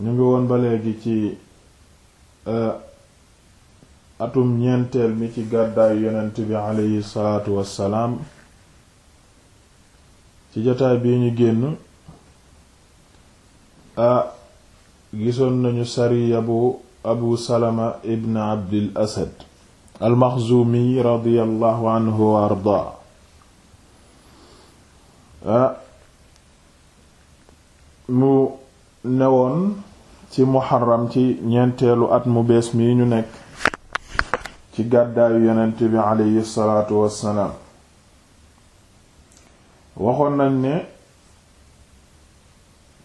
ñu ngi woon ba léegi ci euh, atum ñeenteel mi ci gàddaayu yonent bi aleyhi salaatu salaam ci jotaay bii ñu génn a gisoon nañu sariya bu abu salama ibn abdil asad almaxzuumi radiyallahu anhu wa ardaa a mu newoon ci muharram ci ñeenteelu at mu bees mii ñu nekk ci gàddaayu yonent bi aleyhi salaatu wassalaam waxoon nañ ne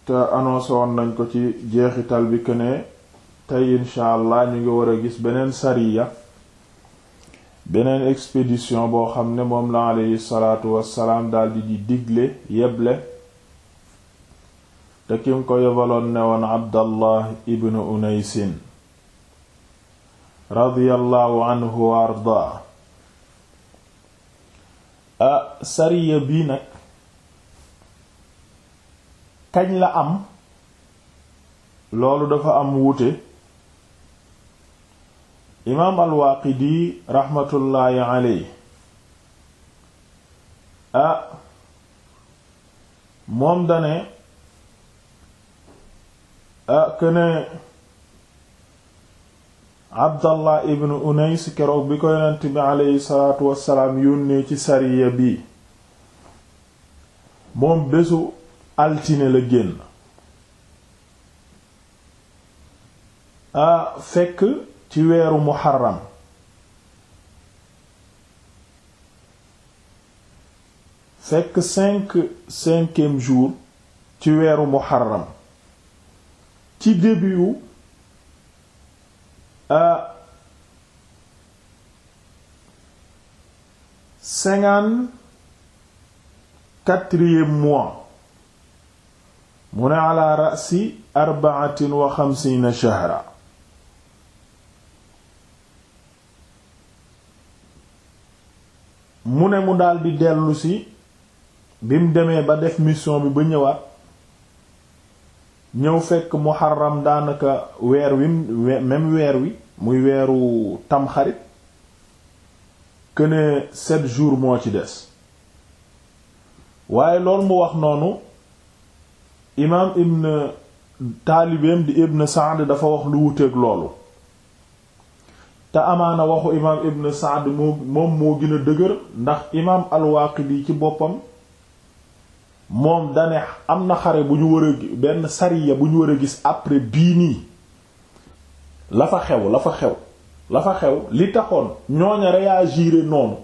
te annoncé nañ ko ci jeexital bi que ne tey incha allah ñu ngi war a gis beneen sariya beneen expédition boo xam ne moom la aleyhi salaatu wassalaam daldi di digle yeble te kim ko yebaloon ne woon abdallah ibnu unaysin radiyallahu anhu wa ardaa a sariya bii nag kañ la am loolu dafa am wute imaam alwaaqidi raxmatullaahi aley a moom dane ah këne abdallah ibn unays keroog bi ko yonent bi aleyhi salaatu wassalaam yónnee ci sariya bi moom bésu altine la génn a ah, fekk ci weeru muharram ci weeru muharram ci début wu euh, cinquante-quatrième mois mu ne ala rasi arbaatin wa xamsiina shahra mu ne mu daldi dellusi bi demee ba def mission bi ba ñëwaat ñëw fekk muharram daanaka weer wi même weer wi muy weeru tamxarit que ne sept jours moo ci des waaye loolu mu wax noonu imaam ibn taalibeem di ibn Saad dafa wax lu wuteeg loolu te amaana waxu imaam ibn Saad moom moo gën dëgër ndax imaam al-Waaqidi ci boppam moom dane am na xare bu ñu war a benn sariya bu ñu war a gis après bii nii la fa xew la fa xew la fa xew li taxoon ñooña réagir noonu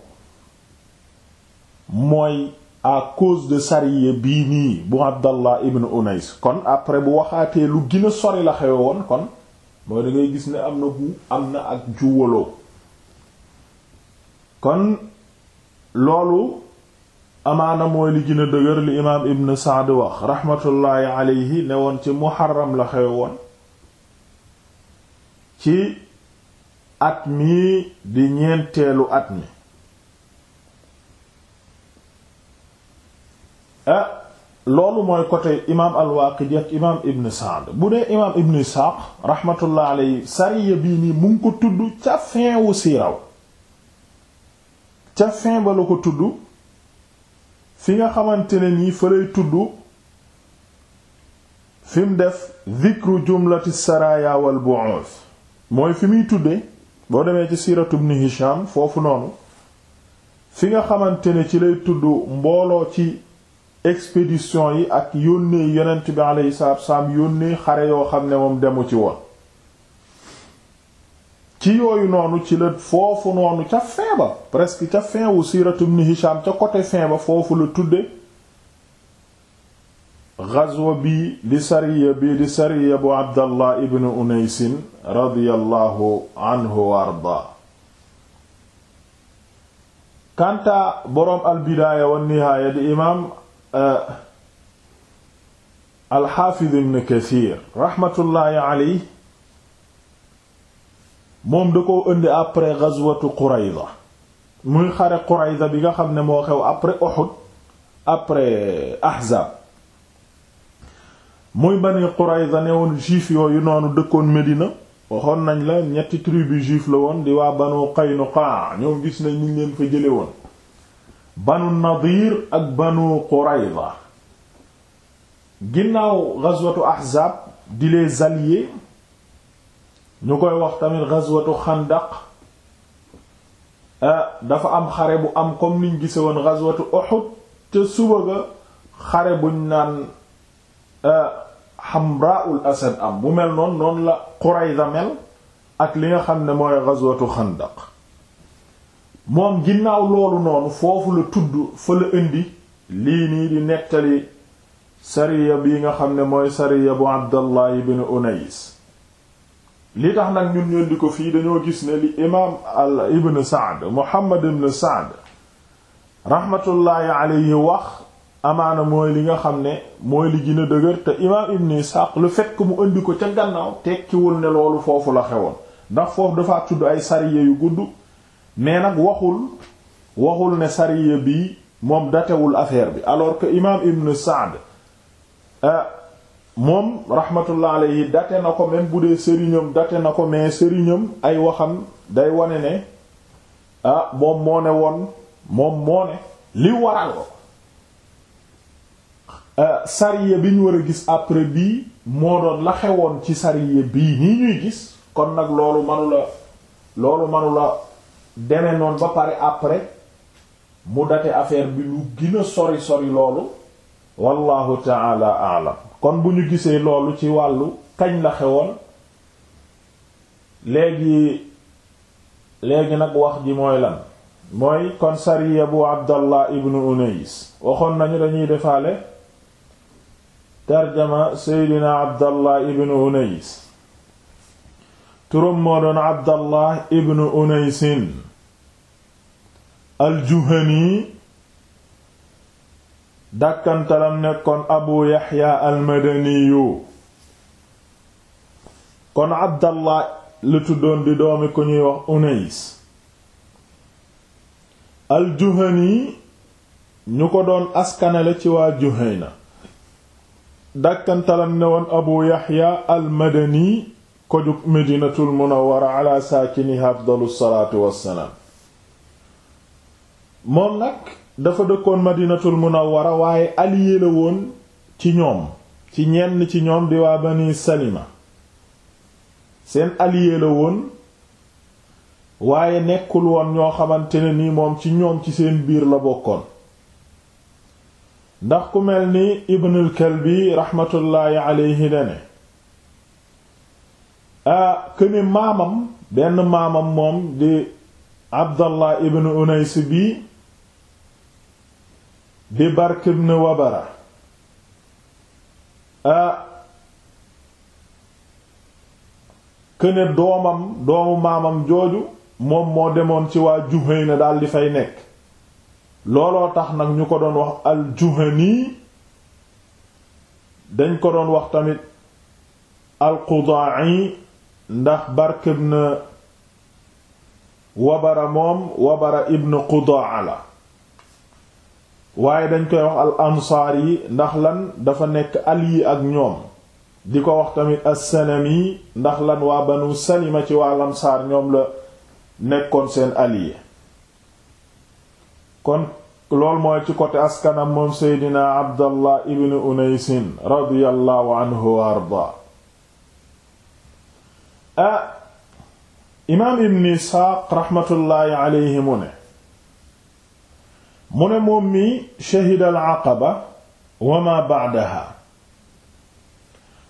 mooy à cause de sariya bii nii bu Abdallah ibn Unais kon après bu waxaatee lu gën sori la xewe woon kon mooy dangay gis ne am na bu am na ak juwaloo kon loolu amaana mooy li gën dëgër li imaam ibn Saad wax raxmatullaahi aleyhi ne woon ci muharram la xew ci at mi di ñeenteelu at mi eh, loolu mooy côté imaam al-Waaqidi ak imaam ibn Saad bu dee imaam ibn Isaaq raxmatullaahi aleyhi sariya bii nii mu ngi ko tudd ca fin wu siiraw ca fin ba la ko tudd fi nga xamante ne nii fa lay tudd fim def dhikru jumlati saraya wal bu'uth mooy fi muy tudde boo demee ci siiratu ibn Hisham foofu noonu fi nga xamante ne ci lay tudd mbooloo ci expédition yi ak yónnee yonent bi alayhi salaatu wa salaam yónnee xare yoo xam ne moom demu ci woon ci yooyu noonu ci la foofu noonu ca fin presque ca fin wu siiratu ibn ca côté fin foofu la tudde ghazwa bii di sariya bii di sariya bu Abdallah ibn Unaysin radiyallahu anhu wa ardaa kanta wa nihaaya di imaam eh, alxaafiz ibn Kathir raxmatullaahi alayhi moom da koo indi après ghazwatu Qurayza muy xare Qurayza bi nga xam ne moo xew après Uhud après Ahzab muy bani Qurayza ne woon juif yooyu noonu dëkkoon Medina waxoon nañ la ñetti tribu juif la woon di waa banu Qaynuqa ñoom gis nañ ñu leen fa jële woon banu Nadir ak banu Qurayza ginnaaw ghazwatu Ahzab di les alliés ñu koy wax tamit ghazwatu xandaq ah, dafa am xare bu am comme niñ gise woon ghazwatu uhud te suba ga xare buñ naan ah, hamraul asad am bu mel noonu noon la qurayza mel ak li nga xam ne mooy ghazwatu xandaq moom ginnaaw loolu noonu foofu la tudd fa la indi lii nii di nettali sariya bi nga xam ne mooy sariya bu abdallah ibn unais li tax nag ñun ñun ko fii dañoo gis ne li imaam al ibn Saad Muhammad ibn Saad rahmatullahi alayhi wax amaana mooy li nga xam ne mooy li gën dëgër te imaam ibn Isaaq le fait mu indi ko ca gannaaw tekkiwul ne loolu foofu la xewoon ndax foofu dafa tudd ay sariya yu gudd mais nag waxul waxul ne sariya bi moom datewul affaire bi alors que imaam ibn Saad euh, moom rahmatullah alayhi date na ko même bu dee sëriñam date na ko mais sëriñam ay waxam day wane ne ah moom moo ne woon moom moo ne li waral ah, sariya bi ñu war a gis après bii moo doon la xewoon ci sariya bii nii ñuy gis kon nag loolu manula loolu manula deme noonu ba pare après mu date affaire bi lu gën sori sori loolu wallahu taala aalam kon bu ñu gisee loolu ci wàllu kañ la xewoon léegi léegi nag wax ji mooy lan mooy kon sariya bu abdallah ibnu unais waxoon nañu dañuy defaale tarjama seydina abdallah ibnu unais turam moo doon abdallah ibnu unaisin aljuhani dàkkantalam nekkoon abu yaxya almadaniyu kon abdallah la tuddoon di doomi ku ñuy wax unays aljuhani ñu ko doon askanale ci waa juhayna dàkkantalam ne woon abu yaxya almadani ko jug medinatul munawwara ala saakiniha afdalu salaatu wassalaam moom nag dafa dëkkoon madinatul munawwara waaye allié la woon ci ñoom ci ñenn ci ñoom di waa bani salima seen allié la woon waaye nekkul woon ñoo xamante ne ni moom ci ñoom ci seen biir la bokkoon ndax ku mel ni ibnul kalbi raxmatullaahi aleyhi dane a këne maamam benn maamam moom di abdallah ibnu unays bi di Bark ibn Wabara a këne doomam doomu maamam jooju moom moo demoon ci waa Juhayna daal di fay nekk looloo tax nag ñu ko doon wax al-Juhani dañ ko doon wax tamit al-Qudai ndax Bark ibn Wabara moom Wabara ibn Qudaa la waaye dañ koy wax al ansaar yi ndax lan dafa nekk yi ak ñoom di ko wax tamit as yi ndax lan waa banu Salima ci waa lansaar ñoom la nekkoon seen allié kon lool mooy ci côté askanam moom Seydina Abdallah ibn Unaysin radiyallahu anhu wa arda ah imaam ibn Isxaaq raxmatullaahi alayhi ne mu ne moom mi shahida al aqaba wa ma ba'daha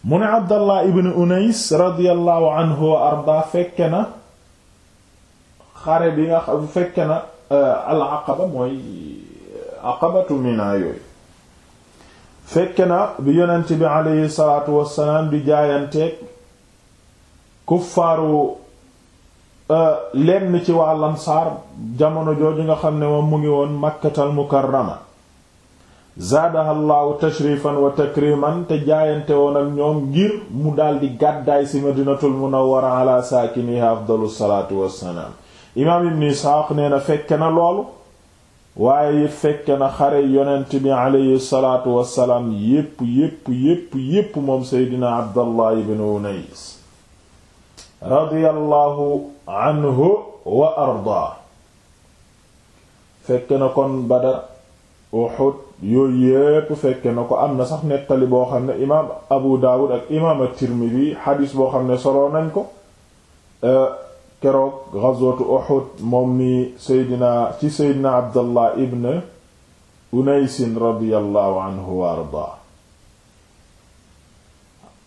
mu ne abdallah ibn unays radiallahu anhu wa arda fekke na xare bi nga xam fekke na euh, al aqaba mooy euh, aqabatu mina yooyu fekke na bi yonent bi aleyhi salaatu wassalaam di jaayanteeg kuffaaru Euh, lenn ci waa lansaar jamono jooju nga xam ne moom mu ngi woon makkatal mukarrama zaadaha llaahu tashrifan wa takriman te jaayante woon ak ñoom ngir mu daldi gàddaay ci madinatul munawwara ala saakiniha afdalu salaatu wassalaam imaam ibn isxaaq nee na fekke na loolu waaye it fekke na xare yonent bi aleyhi salaatu wassalaam yépp yépp yépp yépp moom seydina abdallah ibn unais radiyallahu anhu wa ardaa fekk na kon Badar Uhud yooyu yépp fekk na ko am na sax nettali boo xam ne imaam Abu Dawud ak imaam at-Tirmidhi xadiis boo xam ne soloo nañ ko euh, keroog ghazwatu Uhud moom mi Seydina ci Seydina Abdallah ibn Unaysin radiyallahu anhu wa ardaa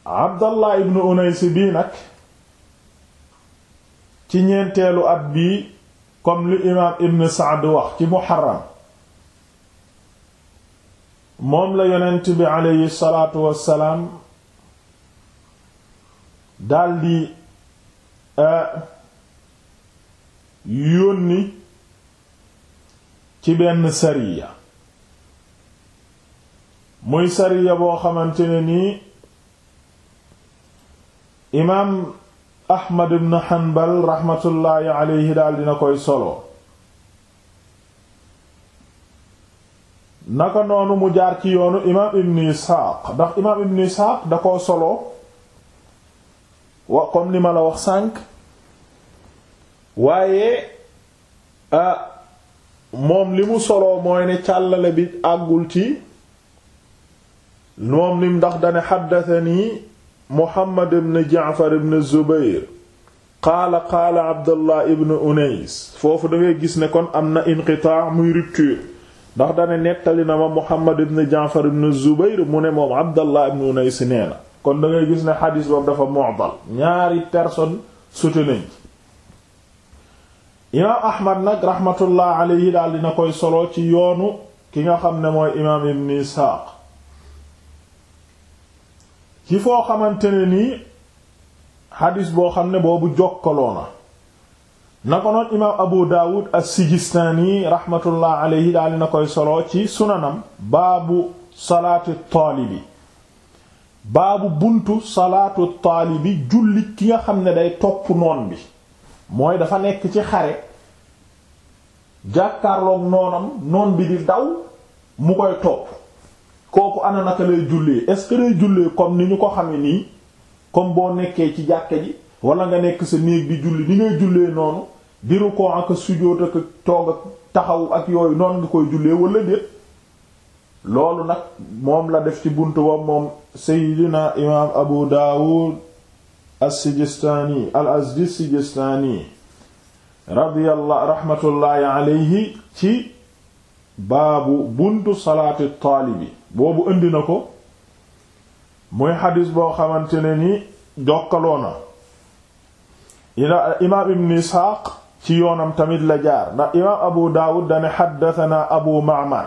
Abdallah ibn Unays bi nag ci ñeenteelu at bi comme li imaam ibn Saad wax ci muharram moom la yonent bi aleyhi salaatu wassalaam daldi euh, yónni ci benn sariya muy sariya boo xamante nii imaam ahmad ibn hanbal raxmatullaahi aleyhi daal dina koy solo naka noonu mu jaar ci yoonu imaam ibn isxaaq ndax imaam ibn isxaaq da koo solo wa comme ni ma la wax sànq waaye moom li mu solo mooy ne càllale bi àggul ci moom lim ndax dane xaddatani Muhammad ibn Jaafar ibn Zubayr qaala qaala Abdallah ibn Unays foofu dangay gis ne kon am na inqitaa muy rupture ndax dane nettali na ma Muhammad ibn Jaafar ibn Zubayr mu ne moom Abdallah ibn Unays nee na kon dangay gis ne xadis boobu dafa mu'dal ñaari personne sute nañ imaam Ahmad nag rahmatullah alayhi daal dina koy solo ci yoonu ki nga xam ne mooy imaam Ibn Isaaq ci foo xamante ne nii xadis boo xam ne boobu jokkaloo na na ko noon imaam abu daawud as-sijistaani raxmatullah alayhi daal na koy solo ci sunanam baabu salaatu taalibi baabu buntu salaatu taalibi julli ki nga xam ne day topp noon bi mooy dafa nekk ci xare jàkkaarloog noonam noon bi di daw mu koy topp kooku ana naka lay jullee est-ce que lay jullee comme ni ñu ko xame nii comme boo nekkee ci jàkka ji walla nga nekk sa néeg di julli ni ngay jullee noonu di rukkoo ak sujjóot ak toog ak taxaw ak yooyu noonu nga koy jullee wala déet loolu nag moom la def ci bunt ba moom Seydina imaam Abu Daawud as-Sijistaani al-Azdi sijistaani radiyallahu rahmatullahi alayhi ci baabu buntu salaati taalibi boobu indi na ko muy xadis boo xamante ne ni jokkaloo na imaam ibn isxaaq ci yoonam tamit la jaar ndax imaam abu daawud dane xaddatanaa abu ma'mar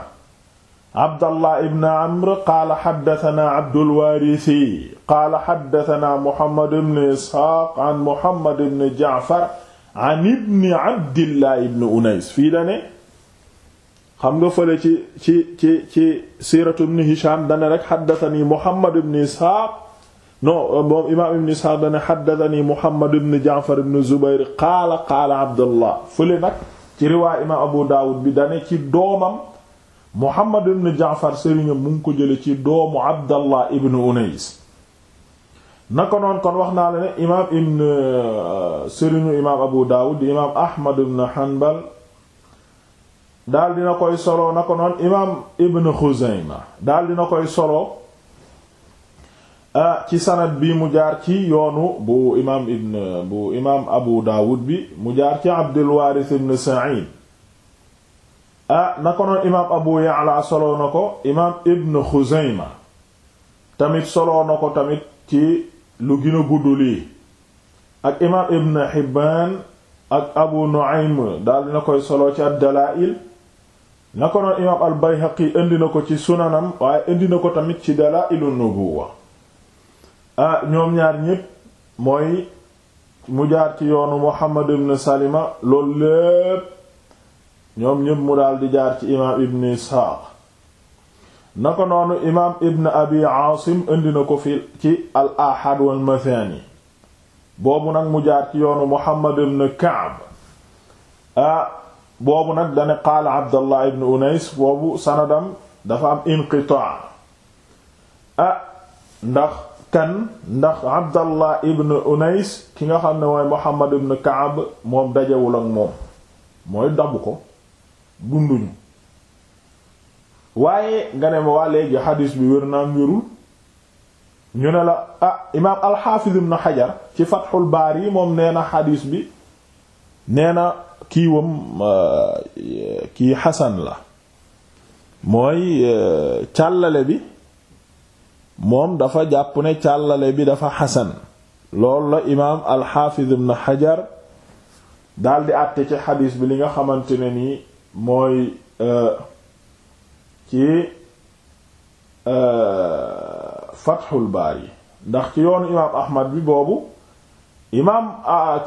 abdallah ibn amr qaala xaddatanaa abdulwaarisi qaala xaddatanaa muhammad ibn isxaaq an muhammad ibn jaafar an ibni abdillah ibn unays fii dane xam nga fële ci ci ci ci siiratu ibn Hisham dana rek xaddatani Muhammad ibn Isxaaq non euh, moom imaam ibn Isxaaq dana xaddatani Muhammad ibn Jaafar ibn Zubayr qaala qaala Abdullah fële nag ci riwaay imaam Abu Daawud bi dane ci doomam Muhammad ibn Jaafar sëriñam mu ngi ko jële ci doomu Abdallah ibn Unays naka noonu kon wax naa la ne imaam ibn euh, sëriñu imaam Abu Daawud di Ahmad ibn Hanbal daal dina koy solo na ko noon imaam ibn Xuzayma daal dina koy solo ah, ci sanad bi mu jaar ci yoonu bu imaam ibn bu imaam Abu Daawud bi mu jaar ci Abdul Waaris ibn Sa'id ah na ko noon imaam Abu Ya'la solo na ko imaam ibn Xuzayma tamit solo na ko tamit ci lu gën a gudd lii ak imaam ibn Hibbaan ak Abu Nu'aym daal dina koy solo ci ad na ko noon imaam al bayhaqi indi na ko ci sunanam waaye indi na ko tamit ci dalaa'ilu nubuwa ah ñoom ñaar ñépp mooy mu jaar ci yoonu muhammad ibn salima loolu lépp ñoom ñépp mu daal di jaar ci imaam ibn isxaaq na ko noonu imaam ibn abi aasim indi na ko fi ci al ahad wal boobu nag mu jaar ci yoonu muhammad ibn ka'b boobu nag dane qaala abdallah ibn unais boobu sanadam dafa am inqitaa ah ndax kan ndax abdallah ibn unais ki nga xam ne mooy muhammad ibn kaab moom dajewul ak moom mooy dabu ko dunduñu waaye nga ne ma waa léegi xadiis bi wér naam wérul ñu ne la ah imaam alxaafiz ibn xajar ci fatxul baar yi moom nee na xadiis bi nee na kiiwam kii xasan la mooy e, càllale bi moom dafa jàpp ne càllale bi dafa xasan loolu la imaam alxaafiz ibn xajar daldi àtte ci xadiis bi li nga xamante ne nii mooy e, ci e, fatxul yi ndax ci yoonu imaam ahmad bi boobu imaam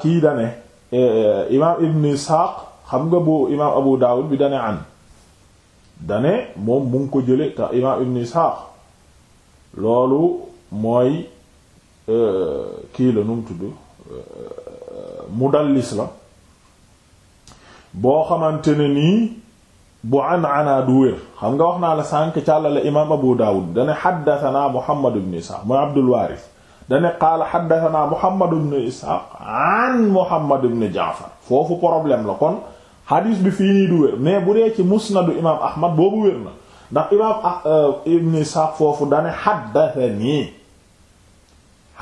kii dane Eh, eh, imaam ibn Isxaaq xam nga bu imaam Abu Daawud bi dane an dane moom mu ngi ko jële te imaam ibn Isxaaq loolu mooy eh, kii la nu mu tudd mudallis la boo xamante ne nii bu an anaa du wér xam nga wax naa la sànk càllale imaam Abu Daawud bi dane xaddatanaa Muhammad ibn Isxaaq mooy Abdul Waaris dane qaala xaddatanaa Muhammad ibn Isxaaq an Muhammad ibn Jaafar foofu problème la kon xadiis bi fii nii du wér mais bu dee ci musnadu imaam Ahmad boobu wér na ndax imaam ah, euh, ibn Isxaaq foofu dane xaddatanii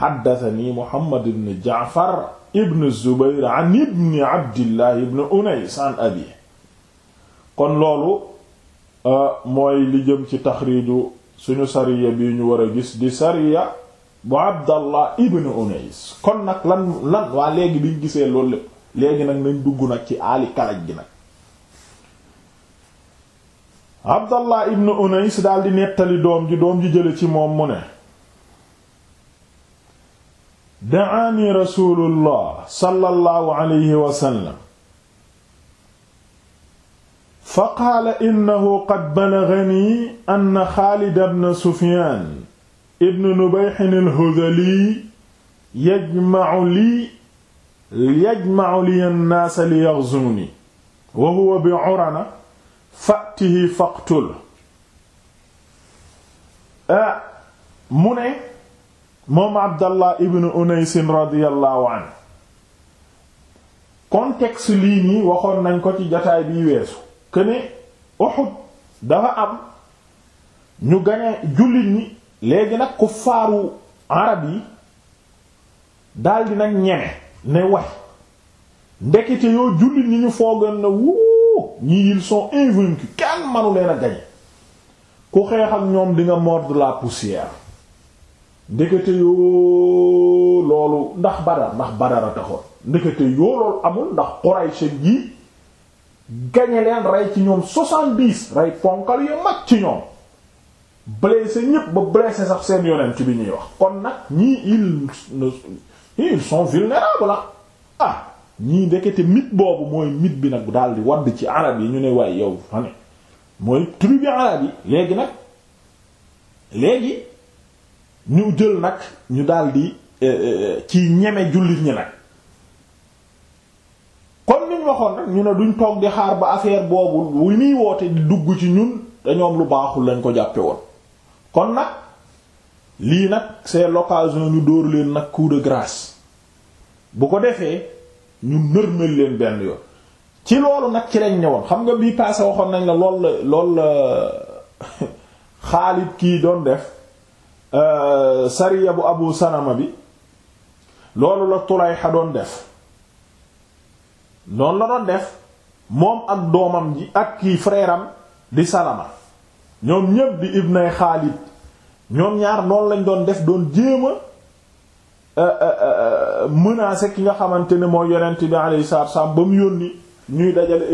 xaddatanii Muhammad ibn Jaafar ibn Zubayr an ibn Abdillah ibn Unays an abi kon loolu euh, mooy li jëm ci taxriiju suñu sariya bi ñu war a gis di sariya bu abdallah ibn unais kon nag lan lan waa léegi biñ gisee loolu lépp léegi nag nañ dugg nag ci aali kalaj gi nag abdallah ibn unais daal di nettali doom ji doom ji jële ci moom mu ne daani rasulullah sallallahu alayhi wa sallam fa qaala innahu qad balaghani anna xaalid ibn sufyaan ibn nubayhin al-hudhali yajma'u lii yajma'u li an-naas li wa huwa bi urana fa'tihi faqtul ah mu ne moom abdallah ibn unays radiyallahu anhu contexte lii nii waxoon nañ ko ci jataay biy weesu këne Uhud dafa am ñu gañe jullit ñi léegi nag ku faaru arab yi daldi nag ñeme ne way ndekete yoo jullit ni ñu foogan na wuu ñi ils sont invaincus kenn manu leen a gañe ku xeex ak ñoom di nga la poussière ndekete yoo loolu ndax badar ndax badar a taxoon ndekete yoo loolu amul ndax Quraysh yi gañe leen rey ci ñoom soixante-dix rey ponkal yu mag ci ñoom blessé ñépp ba blessé sax seen yonent bi ñuy wax kon nag ñii ils ils sont vulnérables la ah. ah ñii ndekete mit boobu mooy mit bi nag daal di wadd ci arab yi ñu ne waaye yow fane mooy tribu arab yi léegi nag léegi ñu jël nag ñu daal eh, eh, ci ñeme jullit ñi nag kon niñ waxoon nag ñu ne duñ toog di xaar ba affaire boobu wu nii woote dugg ci ñun te ñoom lu baaxul lañ ko jàppe woon kon nag lii nag c'est l'occasion ñu dóor leen nag coup de grâce bu ko defee ñu nërmal leen benn yoon ci loolu nag ci lañ ñëwoon xam nga bii passé waxoon nañ la lool la lool kii doon def euh, sariya bu Abu Salama bi loolu la Tulayha doon def noonu la doon def moom ak doomam ak kii frère di Salama ñoom ñépp di ibnay Xaalid ñoom ñaar noonu lañ doon def doon jéem a euh, euh, euh, menacer ki nga xamante ne mooy yonent bi alayhi salaatu wasallam ba mu yónni ñuy dajale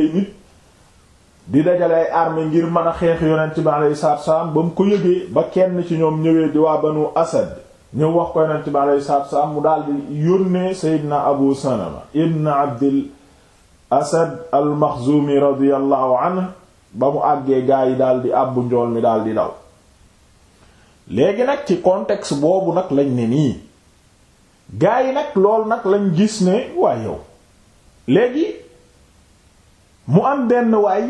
di dajale ay armée ngir mën a xeex yonent bi alayhi salaatu wasallam ko ba kenn ci ñoom ñëwee di waa Banu Asad ñëw wax ko yonent bi alayhi mu daal di yónnee Seydina Abu Salama ibn Abdil Asad al-Makhzumi radiyallahu anhu ba mu àggee gaa yi daal di àbbu njool mi daal di daw léegi nag ci contexte boobu nag lañ ne nii gaa yi nag loolu nag lañ gis ne waay yow léegi mu am benn waay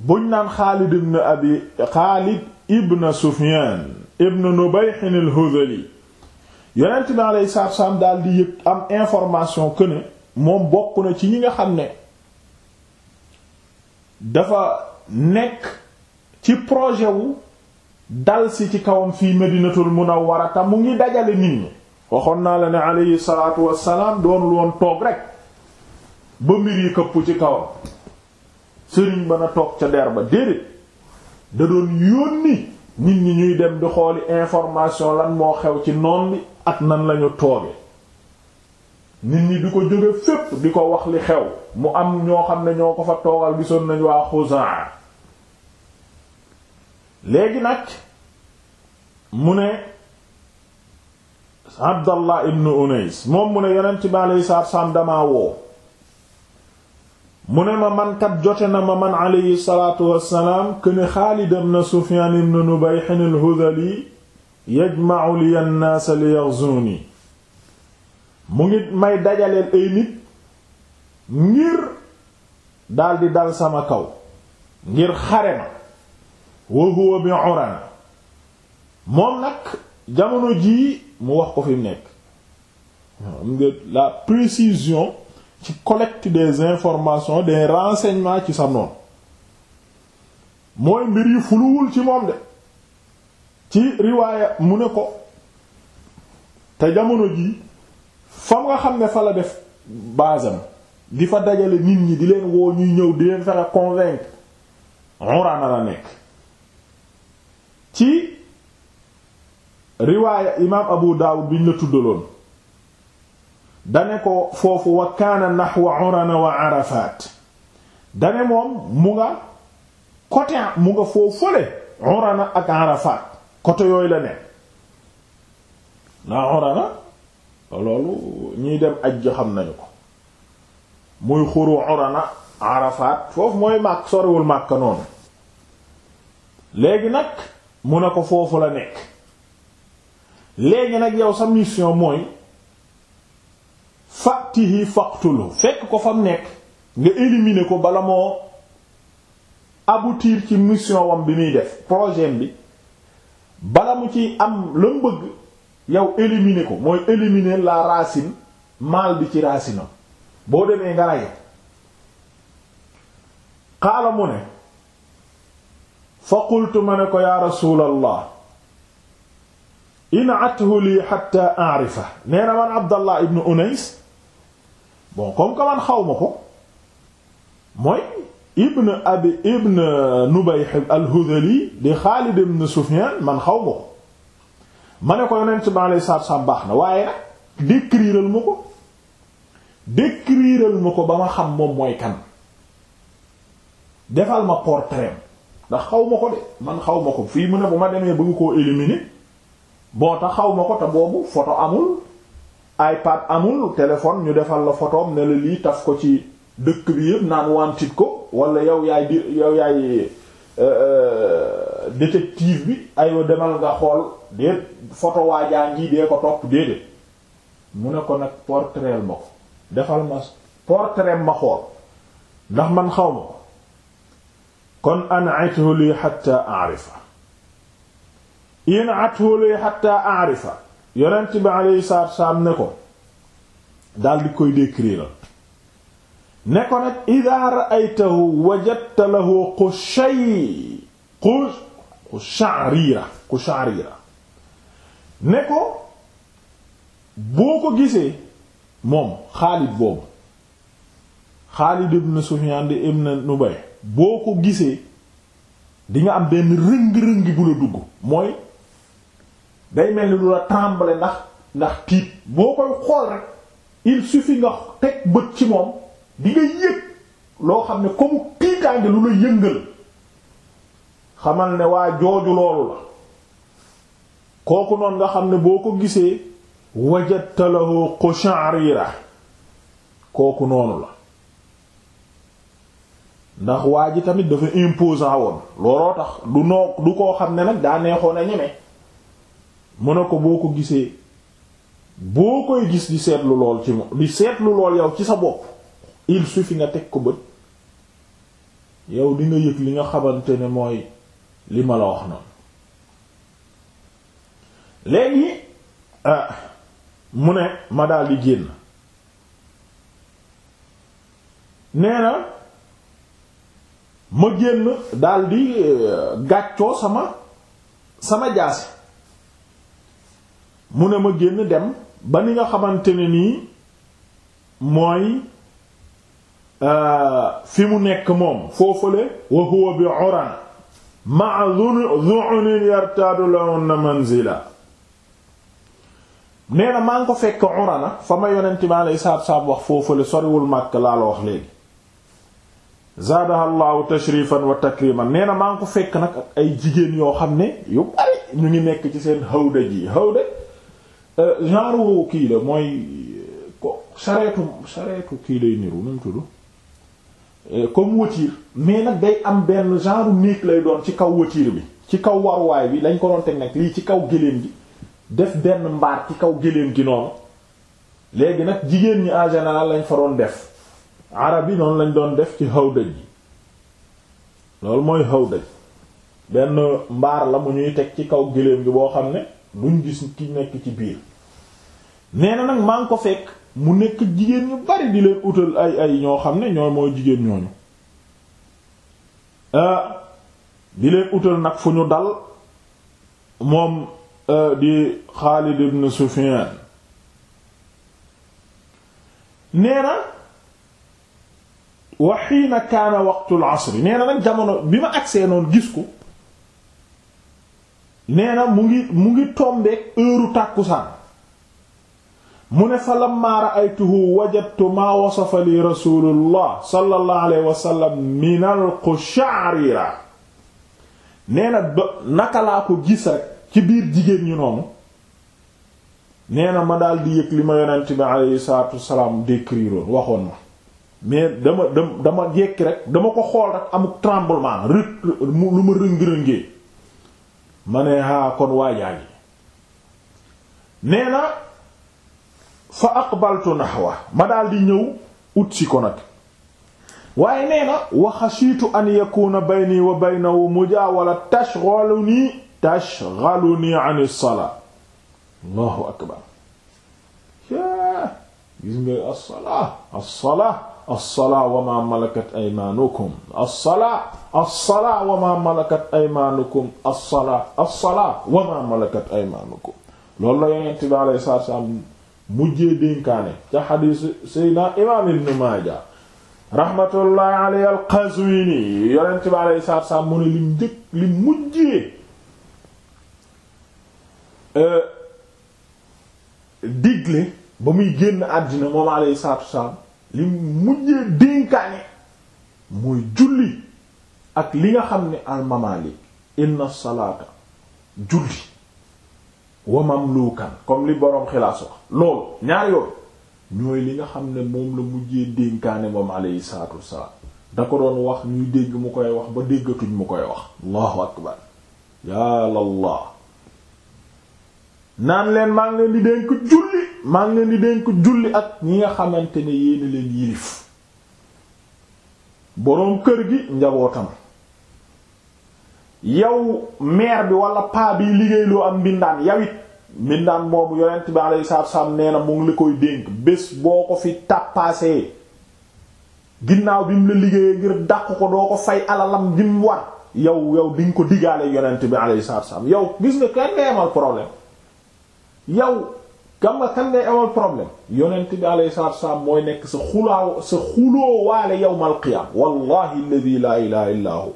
buñ naan Xaalid ibn Abi Xaalid ibn Sufyaan ibn Nubayh al-Hudhali yonent bi lay salaatu salaam daal di yëg am information que ne moom bokk na ci ñi nga xam ne dafa nekk ci projet wu dal si ci kawam fii Madinatul Munawwara te mu ngi dajale nit ñi waxoon naa la ne aleyhi salaatu wassalaam doonul woon toog rek ba mbir yi këppu ci kawam sëriñ ba na toog ca der ba déedéet da doon yónni nit ñi ñuy dem di xooli information lan moo xew ci noon bi at nan lañu tooge nit ñi di ko jóge fépp di ko wax li xew mu am ñoo xam ne ñoo ko fa toogal gisoon nañ waa Xuzaa léegi nag mu ne Abdallah ibn Unais moom mu ne yeneen ci alayhi salaatu salaam damaa woo mu ne ma mankat jote na ma man alayhi salaatu wassalaam këne Xaalid ibn Sufyaan ibn Nubayh al-Hudhali yajma'u li an-naas li yaghzuni mu ngi may dajaleel ay nit ngir daldi dal sama kaw ngir xare ma wa huwa bi urana moom nag jamono jii mu wax ko fi mu nekk am nga la précision ci collecte des informations des renseignements ci sa noon mooy mbir yi fuluwul ci moom de ci riwaaya mu ne ko te jamono jii fam nga xam ne fa la def basam di fa dajale nit ñi di leen woo ñuy ñëw di leen fexe convaincre Urana la nekk ci riwaaya imaam Abu Daawud biñ la tuddaloon dane ko foofu wa kaana nahwa Urana wa Arafat dane moom mu nga côté ak Arafat côté yooyu la loolu ñuy dem ajj xam nañu ko muy xuru orana Arafat foofu mooy màkk sorewul màkk noonu léegi nag mu ne ko foofu la nekk léegi nag yow sa mission mooy fatihi faqtulu fekk ko fam nekk nga éliminer ko bala moo aboutir ci mission wam bi muy def projet bi bala mu ci am la mu bëgg yow éliminer ko mooy éliminer la racine mal bi ci racinam boo demee nga rey xaala mu ne fa qultu ma ne ko yaa rasulallah inathu lii xatta arifa nee na man abdallah ibnu unais bon comme que man xaw ma ko mooy ibn abi ibn nubayh al-hudhali di xaalid ibn sufyan man xaw ma ko ma ne ko yonent bi alayhi salaatu baax na waaye nag décriral ma ko décriral ma ko ba ma xam moom mooy kan defal ma portrait ndax xaw ma ko de man xaw ma ko fii mu ne bu ma demee bëgg koo éliminer boo tax xaw ma ko te boobu photo amul iPad amul téléphone ñu defal la photo am ne la lii taf ko ci dëkk bi yëpp naan wantit ko walla yow yaay di yow yaay. Euh, euh, détective bi aywa demal nga xool déet photo waajaa ngi dee ko topp déedéet mu ne ko nag portraital ma ko defal ma portrait ma xool ndax man xaw ma ko kon an athu li hatta a'rifa in athu li hatta a'rifa yonent bi alayhi salaatu wasalaam ne ko daal di koy décrire ne ko nag idha ra'aytahu wajadta lahu qushay qush Qusha'riira Qusha'riira ne ko boo ko gisee moom Xaalid boobu Xaalid ibn Sufyaan di ibn Nubay boo ko gisee di nga am benn rëng-rëng bu la dugg mooy day mel ni lu la trembler ndax ndax tiit boo koy xool rek il suffit nga teg bët ci moom di nga yëg loo xam ne comme tiitaange lu la yëngal xamal ne waa jooju loolu la kooku noonu nga xam ne boo ko gisee wajadta lahu qusha'rira kooku noonu la ndax waa ji tamit dafa imposant woon looloo tax du noo du koo xam ne nag daa neexoon a ñeme mu ne ko boo ko gisee boo koy gis di seetlu lool ci di seetlu lool yow ci sa bopp il suffit nga teg ko bët yow di nga yëg li nga xamante ne mooy li ma la wax noonu léegi euh, mu ne ma daal di génn nee na ma génn daal di euh, gàccoo sama sama jaasi mu ne ma génn dem ba ni nga xamante ne nii mooy euh, fi mu nekk moom foofale wa huwa bi Urana maa zu'unin yartaadu lahunna manzila nee maa ngi ko fekk urana fa ma yonent bi alayhi salaatu salaam wax foofule soriwul màkk laa la wax léegi zaadaha llaahu tashrifan wa takriman nee na maa ngi ko fekk nag ak ay jigéen yoo xam ne yu bari ñu ngi nekk ci seen hawda ji hawda euh, genre kii la mooy ko sareetu sareetu kii lay niru nu mu tudd Euh, comme watiir mais nag day am benn genre néeg lay doon ci kaw watiir bi ci kaw waruwaay bi lañ ko doon teg nag lii ci kaw géléem gi def benn mbaar ci kaw géléem gi noonu léegi nag jigéen ñi en lañ fa doon def arab yi noonu lañ doon def ci hawdaj yi loolu mooy hawdaj benn mbaar la mu ñuy teg ci kaw géléem gi boo xam ne duñ gis ki nekk ci biir nee nag maa ngi ko fekk mu nekk jigéen ñu bari di leen utal ay ay ñoo xam ne ñooy mooy jigéen ñooñu euh, di leen utal nag fu ñu dal moom euh, di Xaalid ibn Sufyaan nee na wa xiina kaana waqtul asri nee nag jamono bi ma agsee noonu gis ko nee na mu ngi mu ngi tombeek heure tàkkusaan mu ne fa lamma ra'aytuhu wajadtu maa wasafa li rasulullah sallallahu alayhi wa sallam min al-qusha'rira nee na ba naka laa ko gis rek ci biir jigéen ñi noonu nee na ma daal di yëg li ma yonent bi alayhi salaatu wasalaam décrire waxoon ma mais dama dama jekki rek dama ko xool rek amuk tremblement rek lu ma rëng-rëngee ma ne haa kon waajaay nee na fa aqbaltu nahwa ma daal di ñëw ut si ko nag waaye nee na wa xashiitu an yakuna bayni wa baynahu mujaawala tashghaluni tashghaluni an as-salaa allahu akbar gis nga as-salaa as-salaa as-salaa wa ma malakat aymanukum as-salaa as-salaa wa ma malakat aymanukum as-salaa as-salaa wa ma malakat aymanukum loolu la yonent bi alayhi salaam mujjee dénkaane ca xadiis seydna imaam ibn maaja rahmatullahi alayhi al-Qazwini yonent bi alayhi salaatu salaam mu ne li njëkk li mujjee e, digle ba muy génn àddina moom alayhi salaatu salaam li mujjee dénkaane mooy julli ak li nga xam ni al-mamaalik inna julli wa mamlukan comme li boroom xilaas wax loolu ñaar yooyu ñooy li nga xam ne moom la mujjee dénkaane moom alayhi salaatu wassalaam da ko doon wax ñuy dégg mu koy wax ba déggatuñ mu koy wax allahu akbar yaa Allah naan leen maa ngi leen di dénk julli maa ngi leen di dénk julli ak ñi nga xamante ne yéen leen yilif boroom kër gi njabootam yow maire bi wala paa bi liggéey loo am mbindaan yawit mbindaan moomu yonent bi alayhi salaatu wasallam nee na mu ngi koy dénk bés boo ko fi tàppaasee ginnaaw bi mu la liggéeyee ngir dàq ko doo ko fay alalam bi mu war yow yow di ko digaale yonent bi alayhi salaatu wasallam yow gis nga kan ngay amal problème yow gam yonent bi alayhi salaatu wasallam mooy nekk sa xulaaw sa xuloo waale qiyaam wallahi alladhi laa ilaaha illaa hu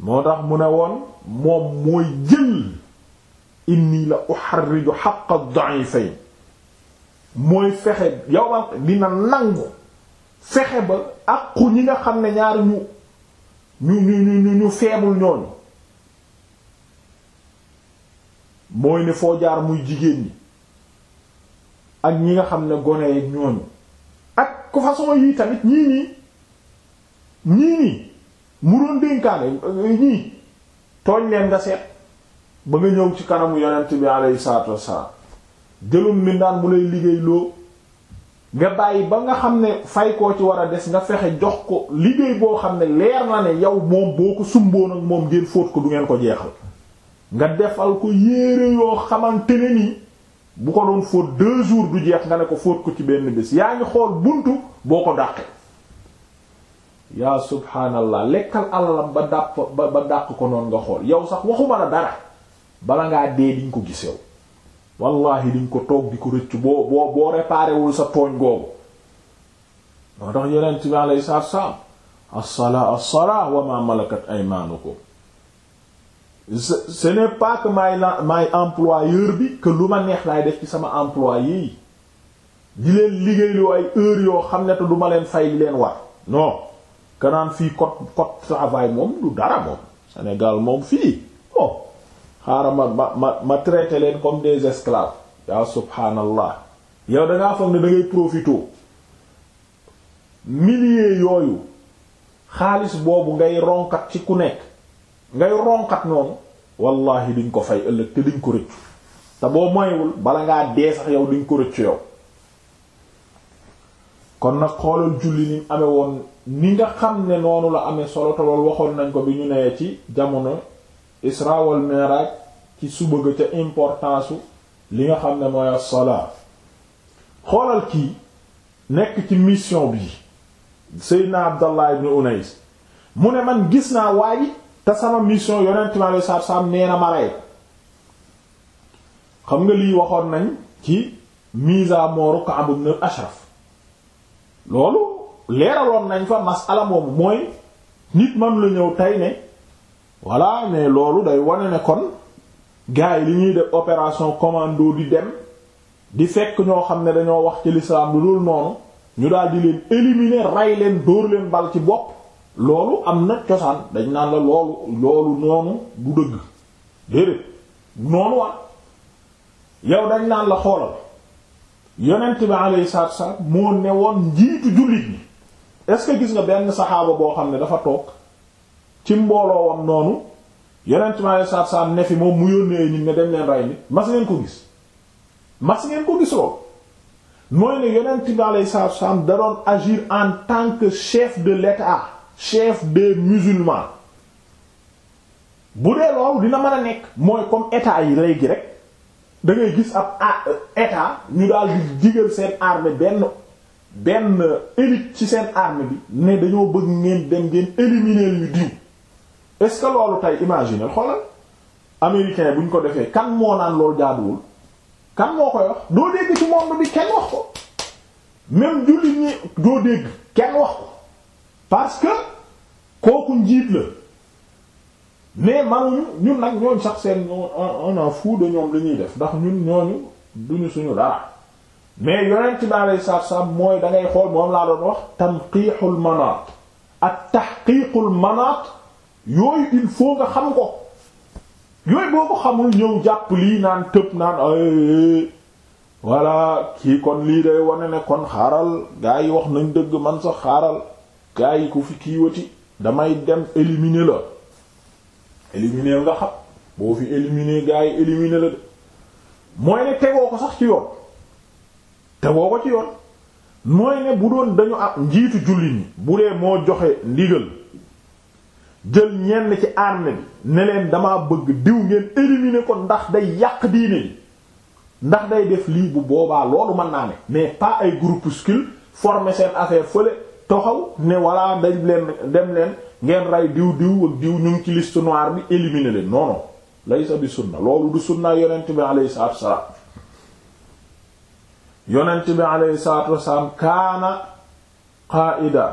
moo tax mu ne woon moom mooy jël inni la uharriju haqq ad-da'ifayn mooy fexe yow dina nangu fexe ba àqu ñi nga xam ne ñaari ñu ñu ñu ñu ñu feebul ñooñu mooy ne foo jaar muy jigéen ñi ak ñi nga xam ne gone yi ñooñu ak ku façon yii tamit ñii nii ñii nii mu doon dénkaane eh, ñii tooñ leen nga seet ba nga ñëw ci kanamu yonent bi alayhi salaatu wassalaam jëlum mindaan mu lay liggéey loo nga bàyyi ba nga xam ne fay koo ci war a des nga fexe jox ko liggéey boo xam ne leer na ne yow moom boo ko sumboon ak moom ngeen fóot ko du ngeen ko jeexal nga defal ko yéere yoo xamante ne ni bu ko doon fóot deux jours du jeex nga ne ko fóot ko ci benn bés yaa ngi xool buntu boo ko dàqee yaa subhaanallah lekkal alalam ba dàpp ba ba dàq ko noonu nga xool yow sax waxuma la dara bala ngaa dee diñ ko gis yow wallahi diñ ko toog di ko rëcc boo boo boo réparé wul sa tooñ googu moo tax yonent bi alayhi salaatu wassalaam as-salaa as-salaa wa ma malakat aymaanukum ce n'est pas que may may employeur bi que lu ma neex laay def ci sama employé yi di leen liggéey lu ay heure yoo xam ne te du ma leen fay leen war non kanaan fii code code travail moom du dara moom Sénégal moom fii bon oh, xaaral ma ma ma ma leen comme des esclaves yaa subhaanallah yow dangaa foog ne da ngay profité milliers yooyu xaalis boobu ngay ronkat ci ku nekk ngay ronkat noonu wallahi diñ ko fay ëllëg te diñ ko rëccu te boo moywul bala ngaa dee sax yow diñ ko rëccu yow kon nag xoolal julli ni ame woon ni nga xam ne noonu la amee solo te waxoon nañ ko bi ñu nee ci jamono isra wal mi'raj ci suba ga ca importance li nga xam ne mooy as-salaa xoolal kii nekk ci mission bi Seydina Abdallah ibn Unais mu ne man gis naa waaye te sama mission yonent mi alei satu salaam nee ma rey xam nga lii waxoon nañ ci mise à mort Ka'b ibn ashraf loolu leeraloon nañ fa masala moomu mooy nit man la ñëw tey ne voilà mais loolu day wane ne kon gars yi li ñuy def opération commando di dem di fekk ñoo xam ne dañoo wax ci l'islam lu dul noonu ñu daal di leen éliminer rey leen dóor leen bal ci bopp loolu am na cosaan dañ naan la loolu loolu noonu du dëgg déedéet noonu wax yow dañ naan la xoolal yonent bi alayhi salaatu wa moo ne woon njiitu jullit ñi est-ce que gis nga benn saxaaba boo xam ne dafa toog ci mbooloo wam noonu yonent bi alayhi salaatu wa ne fi moom mu yónnee nit ne dem leen rey nit mas ngeen ko gis mas ngeen ko gis lool mooy ne yonent bi alayhi salaatu wa da doon agir en tant que chef de l'État chef des musulmans bu dee loolu dina mën a nekk mooy comme état yi gi rek. dangay gis ab euh, état ñu daal di digal seen armée benn benn euh, élite ci seen armée bi ne dañoo bëgg ngeen dem ngeen éliminer ñu diw est loolu tey imaginer xoolal américain bu ko defee kan moo naan lool jaaduwul kan moo koy wax doo dégg ci monde bi kenn wax ko même jullit ñi doo dégg kenn wax ko parce que kooku njiit la mais manuñu ñun nag ñooñ sax seen ñoo on a fou ñoom li ñuy def ndax ñun ñooñu duñu suñu dara mais yonent bi alei saatu mooy da ngay xool moom laa doon wax tanqiixul manaat ak tahqiiqul manaat yooyu il faut nga xam ko yooyu boo ko xamul ñëw jàpp lii naan tëb naan ay voilà kii kon lii day wane ne kon xaaral gaa yi wax nañ dëgg man sax xaaral gaa yi ku fi kiiwati damay dem éliminer la éliminer nga xam boo fi éliminer gars yi éliminer la de mooy ne tegoo ko sax ci yoon tegoo ko ci yoon mooy ne bu doon dañu am njiitu jullit ñi bu dee moo joxe ndigal jël ñenn ci armée bi ne leen dama bëgg diw ngeen éliminer ko ndax day yàq diine bi ndax day def lii bu boobaa loolu mën naa ne mais pas ay groupuscule former seen affaire fële toxaw ne walla day leen dem leen ngeen rey diw diw ak diw ñu ngi ci liste noire bi éliminer leen non non laysa bi sunna loolu du sunna yonent bi alayhi salaatu wassalaam yonent bi qaa'ida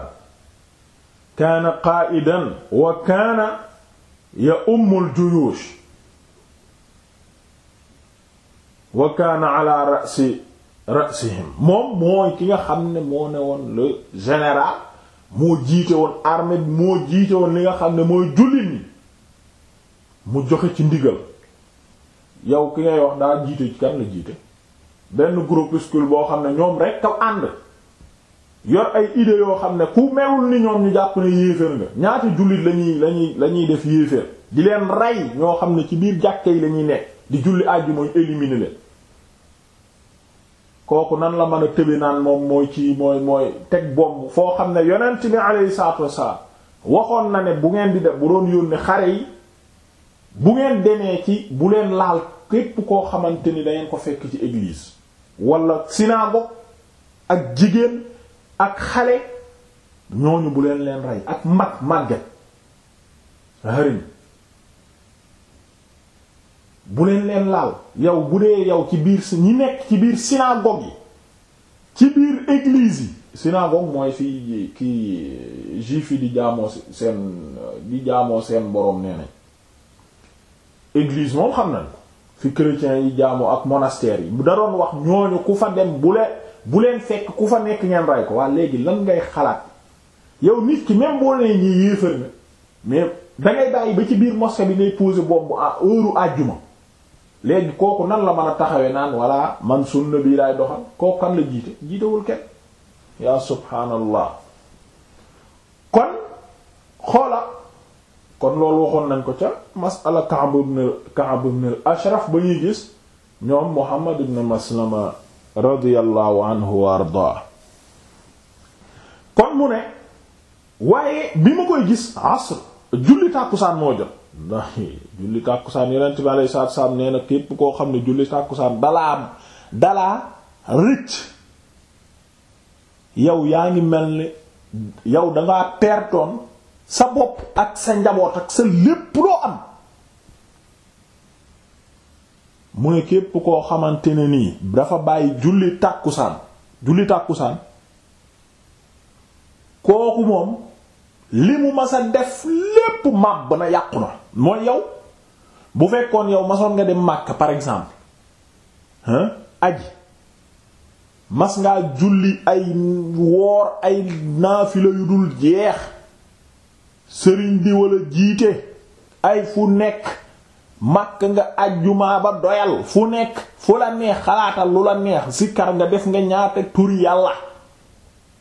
kaana qaa'idan wa kaana ya'ummul juyuush wa moom mooy ki nga xam ne moo ne woon le général moo jiite woon armée moo jiite woon li nga xam ne mooy jullit ñi mu joxe ci ndigal yow ki ngay wax daal jiite ci kan la jiite benn groupuscule boo xam ne ñoom rek taw ànd yor ay idées yoo xam ne ku melul ni ñoom ñu jàpp ne yéeféer nga ñaata jullit lañuy lañuy lañuy def yéeféer di leen rey ñoo xam ne ci biir jàkke yi lañuy nekk di julli àjjuma ñu éliminer leen kooku nan la mën a tëbi naan moom mooy ci mooy mooy teg bomb foo xam ne yonent bi alayhi salaatu wasalaam waxoon na ne bu ngeen di def bu doon yónni xare yi bu ngeen demee ci bu leen laal képp koo xamante ni dangeen ko fekk ci église wala synagogue ak jigéen ak xale ñooñu bu leen leen rey ak mag màgget harim bu leen leen laal yow bu dee yow ci biir si ñi nekk ci biir synagogue yi ci biir église yi synagogue mooy fi ki juif yi di jaamoo seen di jaamoo seen boroom nee nañ église moom xam nañ ko fi chrétiens yi jaamoo ak monastères yi bu da doon wax ñooñu ku fa dem bu leen fekk ku fa nekk ngeen rey ko waa léegi lan ngay xalaat yow nit ki même boo nee ñi yéefar na mais dangay bàyyi ba ci biir mosquée bi ngay poser bombe à heure u àjjuma léegi kooku nan la man a taxawee naan walla man sunna bii laay doxal kooku kan la jiite jiitewul kenn yaa subhaanallah kon xoola kon loolu waxoon nañ ko ca masala Ka'b ibn Ka'b ibn ashraf ba ñuy gis ñoom Muhammad ibn Maslama radiyallahu anhu wa ardaa kon mu ne waaye bi ma koy gis asr julli tàkkusaan moo jot ndax julli tàkkusaan yonent bi alayhi salaatu salaam nee na képp koo xam ne julli tàkkusaan dalaa dalaa rëcc yow yaa ngi mel ni yow dangaa pertoon sa bopp ak sa njaboot ak sa lépp loo am mu ne képp koo xamante ne nii dafa bàyyi julli tàkkusaan julli tàkkusaan kooku moom li mu mas a def lépp màbb na yàqu na mooy yow bu fekkoon yow masoon nga dem Makka par exemple hein aji mas ngaa julli ay woor ay naafila yu dul jeex sëriñ di wala jiite ay fu nekk màkk nga ajjumaa ba doyal fu nekk fu la neex xalaatal lu la neex sikkar nga def nga ñaata turi yàlla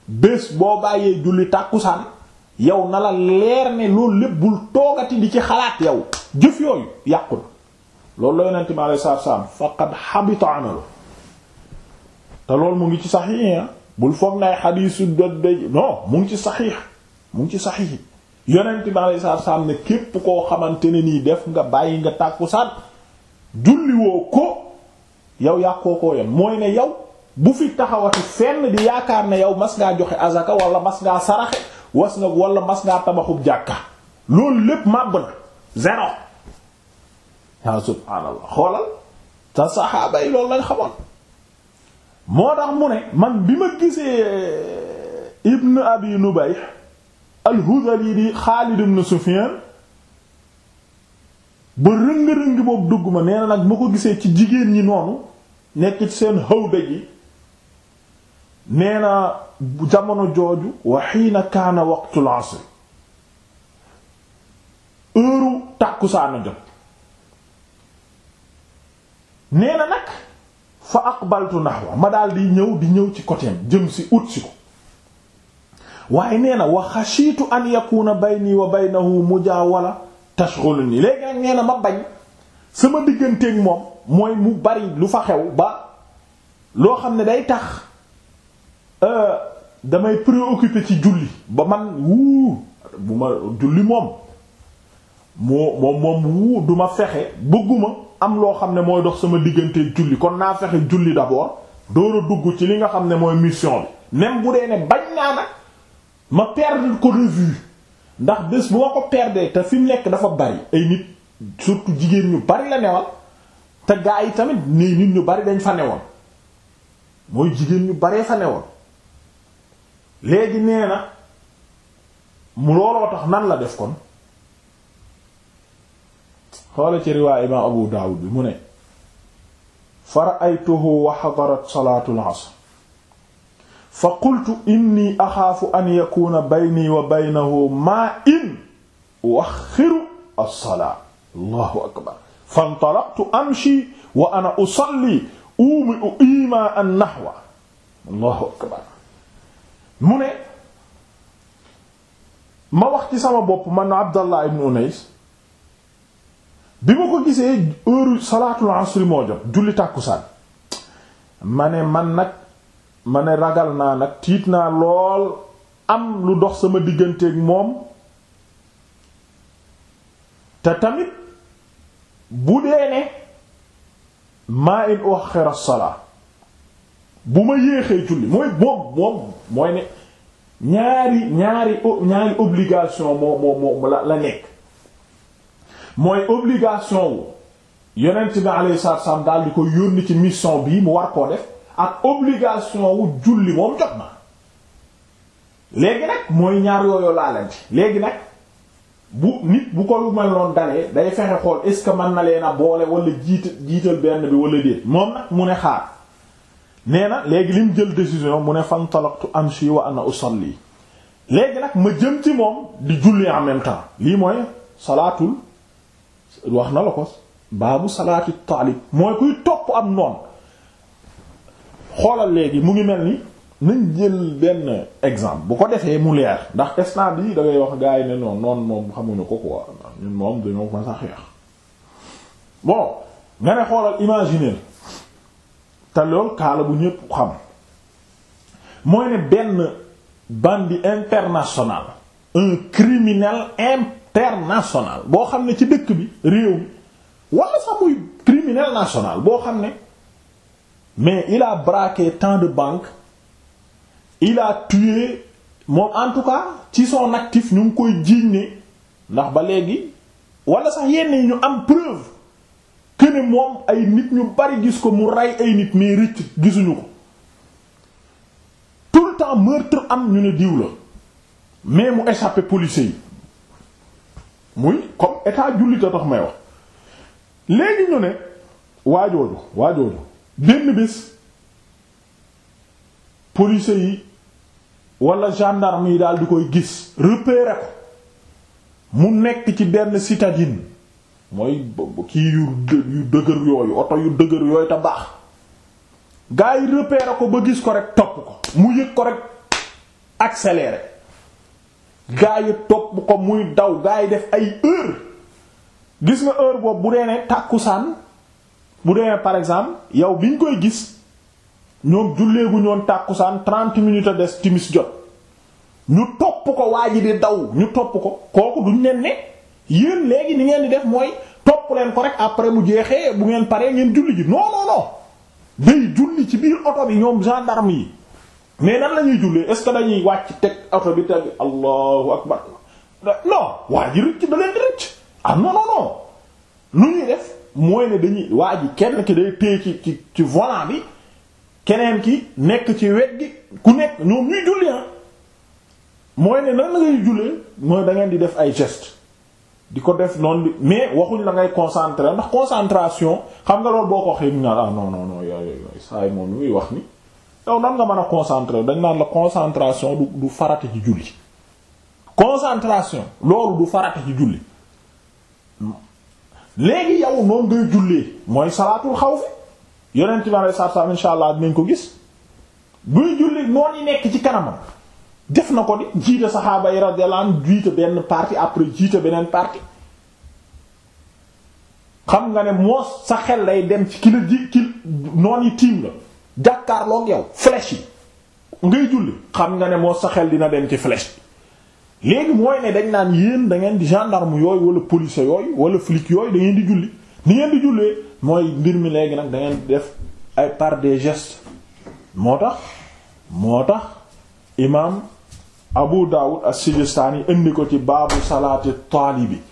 bés boo bàyyee julli tàkkusaan yow na la leer ne loolu lépp bul toogati di ci xalaat yow jëf yooyu yàqu na loolu la yonente mi alei salatu salaam faqad habita te loolu mu ngi ci saxiix ah bul foog nay xadiisu doj non mu ngi ci saxiix mu ngi ci saxiix yi yonente mi alei salatu ne képp koo xamante ne nii def nga bàyyi nga tàkkusaan julliwoo ko yow yàqoo koo yem mooy ne yow bu fi taxawati fenn di yaakaar ne yow mas ngaa joxe azaka wala mas ngaa saraxe was nga walla mas tabaxub jàkka loolu lépp màbb na zéro yaa subhaanallah xoolal te saxaaba yi loolu lañ xamoon moo tax mu ne man bi ma gisee eh, Ibn Abi Nubayh al-Hudhali di Xaalid ibn Sufyan ba rëng-rëng boobu dugg ma nee na nag ma ko gisee ci jigéen ñi noonu nekk ci seen hawda yi neena na jamono jooju wa xiina kaana waqtul asr heure tàkkusaana jot nee na nag fa aqbaltu nahwa ma daal di ñëw di ñëw ci côtéem jëm si ut si ko waaye nee na wa xashiitu an yakuna bayni wa baynahu mujaawala tashghuluni léegi nag nee na ma bañ sama digganteeg moom mooy mu bari lu fa xew ba loo xam ne day tax Euh, damay préoccupé ci julli ba man wuu bu ma julli moom moo moom wuu du fexe bëgguma am loo xam ne mooy dox sama diggante julli kon naa fexe julli d'abord door a dugg ci li nga xam ne mooy mission bi même bu dee ne bañ naa nag ma perdre ko de ndax bés boo ma ko perdee te fi mu nekk dafa bari ay nit surtout jigéen ñu bari la newal te gaa tamit nii nit ñu bari dañ fa newoon mooy jigéen ñu baree fa newoon léegi nee na mu looloo tax nan la def kon xoola ci riwaay imaam Abu Daawud bi mu ne fara'aytuhu wa hadarat salaatul asr fa qultu inni axaafu an yakuna bayni wa baynahu maa in uaxiru alsolaa allahu akbar fantalaqtu amshi wa ana usalli umiu iimaa an nahwa allahu akbar mu ne ma wax ci sama bopp man Abdallah ibn Unais bi ma ko gisee heure salaatul asri moo jot julli tàkkusaan ma ne man nag ma ne ragal naa nag tiit naa lool am lu dox sama digganteeg moom te tamit bu dee ne maa in uaxira salaa bu ma yéexee julli mooy moom moom mooy ne ñaari ñaari ñaari obligation moo moo moo la nekk mooy obligation wu yonent bi alayhi salaatu wasallam daal di ko yónni ci mission bii mu war koo def ak obligation wu julli moom jot na léegi nag mooy ñaar yooyu laalante léegi nag bu nit bu ko lu mel noonu dalee day fexe xool est ce que mën na leen a boole wala jiita jiital benn bi wala déet moom nag mu ne xaar nee na léegi li jël décision mu ne am si wa ana usalli léegi nag ma jëm ci moom di julli en même temps lii mooy salaatul wax na la ko baabu salaati taalib mooy kuy topp am noon xoolal léegi mu ngi mel ni nañ jël benn exemple bu ko defee mu leer ndax instant bi da ngay wax gars yi ne noonu noonu moom xamuñu ko quoi ñun moom dañoo ko sax xeex bon nga ne xoolal imaginer te kaala bu ñépp xam mooy ne benn bandit international un criminel international boo xam ne ci dëkk bi réew mi wala sax muy criminel national boo xam ne mais il a braqué tant de banque il a tué moom en tout cas ci son actif ñu ngi koy jiiñ ne ndax ba léegi wala sax yenn ñu am preuve këne moom ay nit ñu bari gis ko mu rey ay nit mais rëcc gisuñu ko tout le temps meurtre am ñu ne diw la mu échappé policiers yi muy comme état jullit a tax may wax léegi ñu ne waajooju waajooju benn bés policiers yi wala gendarme yi daal di koy gis repérer ko mu nekk ci benn citadine mooy kii yu yu dëgër yooyu oto yu dëgër yooyu te baax gars yi repérer ko ba gis ko rek topp ko mu yëg ko rek accélérer gars yi topp ko muy daw gars yi def ay heure gis nga heure boobu bu dee ne tàkkusaan bu dee ne par exemple yow biñ koy gis ñoom julleegu ñoon tàkkusaan 30 minutes a des timis jot ñu topp ko waa ji di daw ñu topp ko kooku duñ leen ne yéen léegi ni ngeen di def mooy topp leen ko rek après mu jeexee bu ngeen paree ngeen julli ji non non non day julli ci biir oto bi ñoom gendarme yi mais na la ñuy jullee est ce que dañuy wàcc teg oto bi teg allahu akbar non waa ji rëcc da leen di rëcc ah non non lu ñuy def mooy ne dañuy waa ji kenn ki day téye ci ci ci volant bi keneen ki nekk ci wet gi ku nekk ñoom ñuy julli ah mooy ne na la ngay jullee mooy da ngeen di def ay geste di ko def noonu mais waxuñ la ngay concentré ndax concentration xam nga loolu boo ko waxee ñu naan ah non yooyu saa yi moom luy wax ni yow nan nga mën a concentré dañ naan la concentration du du farata ci julli concentration loolu du farata ci julli léegi yow noonu ngay jullee mooy salaatul xawf yonent bi alayhi salaatu wa salaam insha Allah nañ ko gis buy julli noonu yi nekk ci kanamam. def na ko di jiite saxaaba yi radiyallahu anhum jiite benn parti après jiite beneen parti xam nga ne moo sa xel lay dem ci ki la ji ki noon yi tiim la jàkkaarloog yow flèche yi ngay julli xam nga ne moo sa xel dina dem ci flèche bi léegi mooy ne dañ naan yéen da ngeen di gendarme yooyu wala police yooyu wala flic yooyu da di julli ni ngeen di jullee mooy mbir mi léegi nag dangeen ngeen di def ay par des gestes moo tax moo tax imam abu ak as-sijistaani indi ko ci baabu salaati taalibi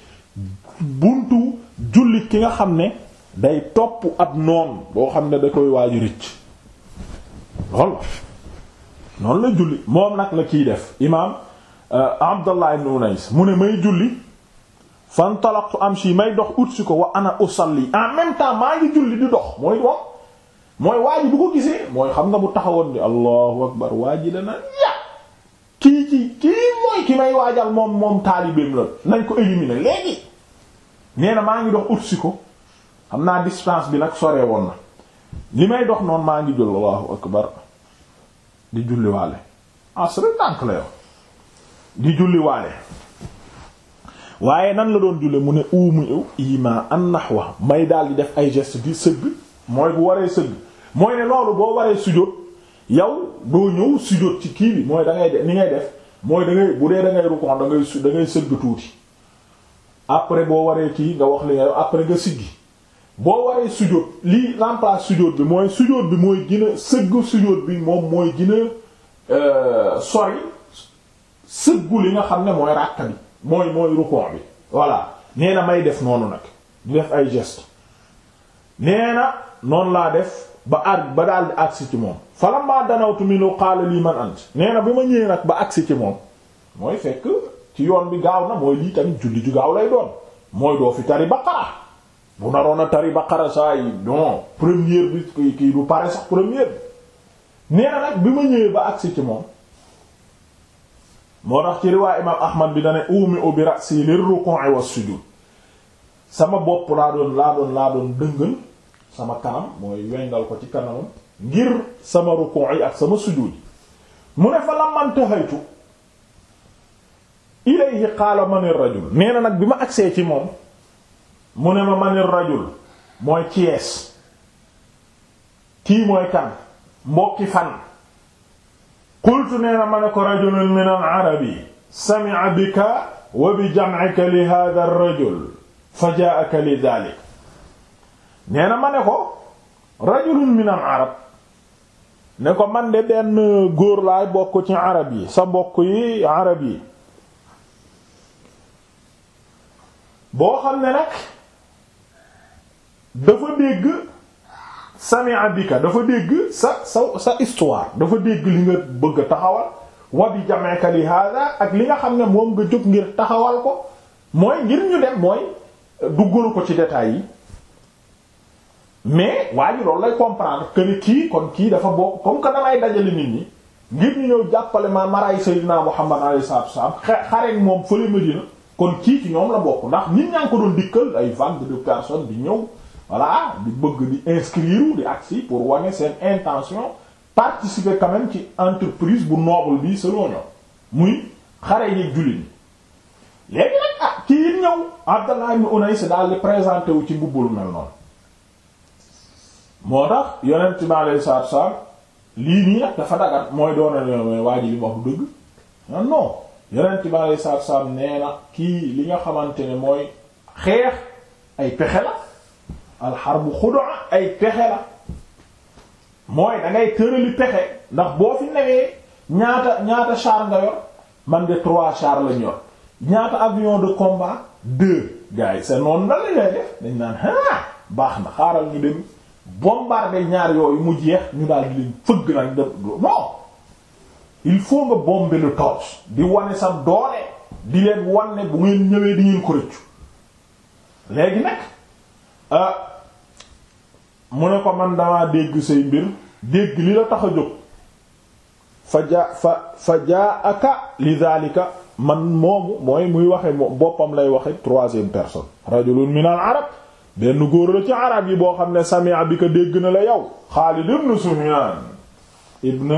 buntu jullit ki nga xam ne day topp at noon boo xam ne da koy waaju rëcc lool noonu la julli moom nag la kiy def imaam uh, abdallah ibn mu ne may julli fantalaqtu amshi may dox utsi ko wa ana usalli en même temps maa ngi julli di dox mooy wax mooy waa bu ko gisee mooy xam nga bu taxawoon ni allahu akbar waa ji kii ci kii mooy ki may waajal moom moom taalibeem la nañ ko éliminer léegi nee maa ngi dox ut si ko xam naa distance bi nag sore woon na li may dox noon maa ngi jul allahu akbar di julliwaale asre ah, tànk la yow di julliwaale waaye nan la doon julle mu ne umu ima an nahwa may daal di def ay geste di sëgg mooy bu waree sëgg mooy ne loolu boo waree sujjóot yow doo ñëw sujjóot ci kii bi mooy da ngay def ni ngay def mooy da bu dee da ngay rukon da ngay da ngay sëgg tuuti après boo waree kii nga wax li nga après nga siggi boo waree sujjóot lii remplace sujjóot bi mooy sujjóot bi mooy gën a sëgg sujjóot bi moom mooy gën a euh, sori sëggu li nga xam ne mooy ràkk bi mooy mooy rukon bi voilà nee na may def noonu nag di def ay geste nee na noonu laa def ba ar ba daal di agsi ci moom falamma danawtu minu qaala lii man ant nee na ma ñëwee nag ba agsi ci moom mooy fekk ci yoon bi gaaw na mooy lii tamit julli ju gaaw lay doon mooy doo fi tari baqara bu naroon a tari baqara saa yi non première bi kii du pare sax première bi nee nag bi ma ñëwee ba agsi ci moom moo tax ci riwaay imam ahmad bi dane umi u bi ra'si lir ruku'i was sama bopp laa doon laa doon laa doon dëngal sama kanam mooy wengal ko ci kanamam ngir sama ruku' yi ak sama sujud mu ne fa lammantahaytu ilayhi qaala manir rajul nee na nag bi ma agsee ci moom mu ne ma manir rajul mooy ciees kii mooy kan mbokki fan qultu nee na ma ne ko min al arabi sami'a bika wa bi jam'ika li hadha rajul fa ja'aka li dhalik nee na ma ne ko rajulun min arab ne ko man de benn góor laay bokk ci arab yi sa mbokk yi arab yi boo xam ne nag dafa dégg sami'a bika dafa dégg sa sa sa histoire dafa dégg li nga bëgg a taxawal wa bi jam'ika li hada ak li nga xam ne moom nga jóg ngir taxawal ko mooy ngir ñu dem mooy duggalu ko ci détails yi mais waa ji loolu lay comprendre que ni kii kon kii dafa bokk comme que damay dajale nit ñi ngir ñu ñëw jàppale ma maraay Seydina Muhammad alayhi salaatu wasallam xare moom fële Medina kon kii ci ñoom la bokk ndax nit ñaa ngi ko doon dikkal ay vague de personne bi ñëw voilà di bëgg di inscrire di agsi pour wane seen intention participer quand ci entreprise bu noble bi selon muy xare yi jullit ñi léegi nag ah kii it ñëw Abdallah ibn Unais daal di présenté wu ci mbubbul moo tax yonent bi alayhi salaatu lii nii nag mooy doon na waa ji li mu wax dëgg non ah, non yonent bi na kii li nga xamante ne mooy xeex ay pexe la alxarbu xudaa ay pexe la mooy da ngay pexe ndax boo fi newee ñaata ñaata man de trois char lañ yor ñaata avion de combat deux gars yi c'est noonu la la ngay def dañ naan ah baax na xaaral ñu dem. bombarder ñaar yooyu mu jeex ñu daal di leen fëgg nag def non il faut nga bomber le torse di wane sa doole di leen wan ne bu ngeen ñëwee di ngeen ko rëccu léegi nag euh, mu ne ko man damaa dégg say mbir dégg li la tax a jóg fa ja fa fa jaa aka li zalika man moomu mooy muy waxe boppam lay waxe troisième personne rajulun min arab benn góor la ci arab yi boo xam ne sami'a bi ko dégg na la yow Xaalid ibn Sufyaan ibn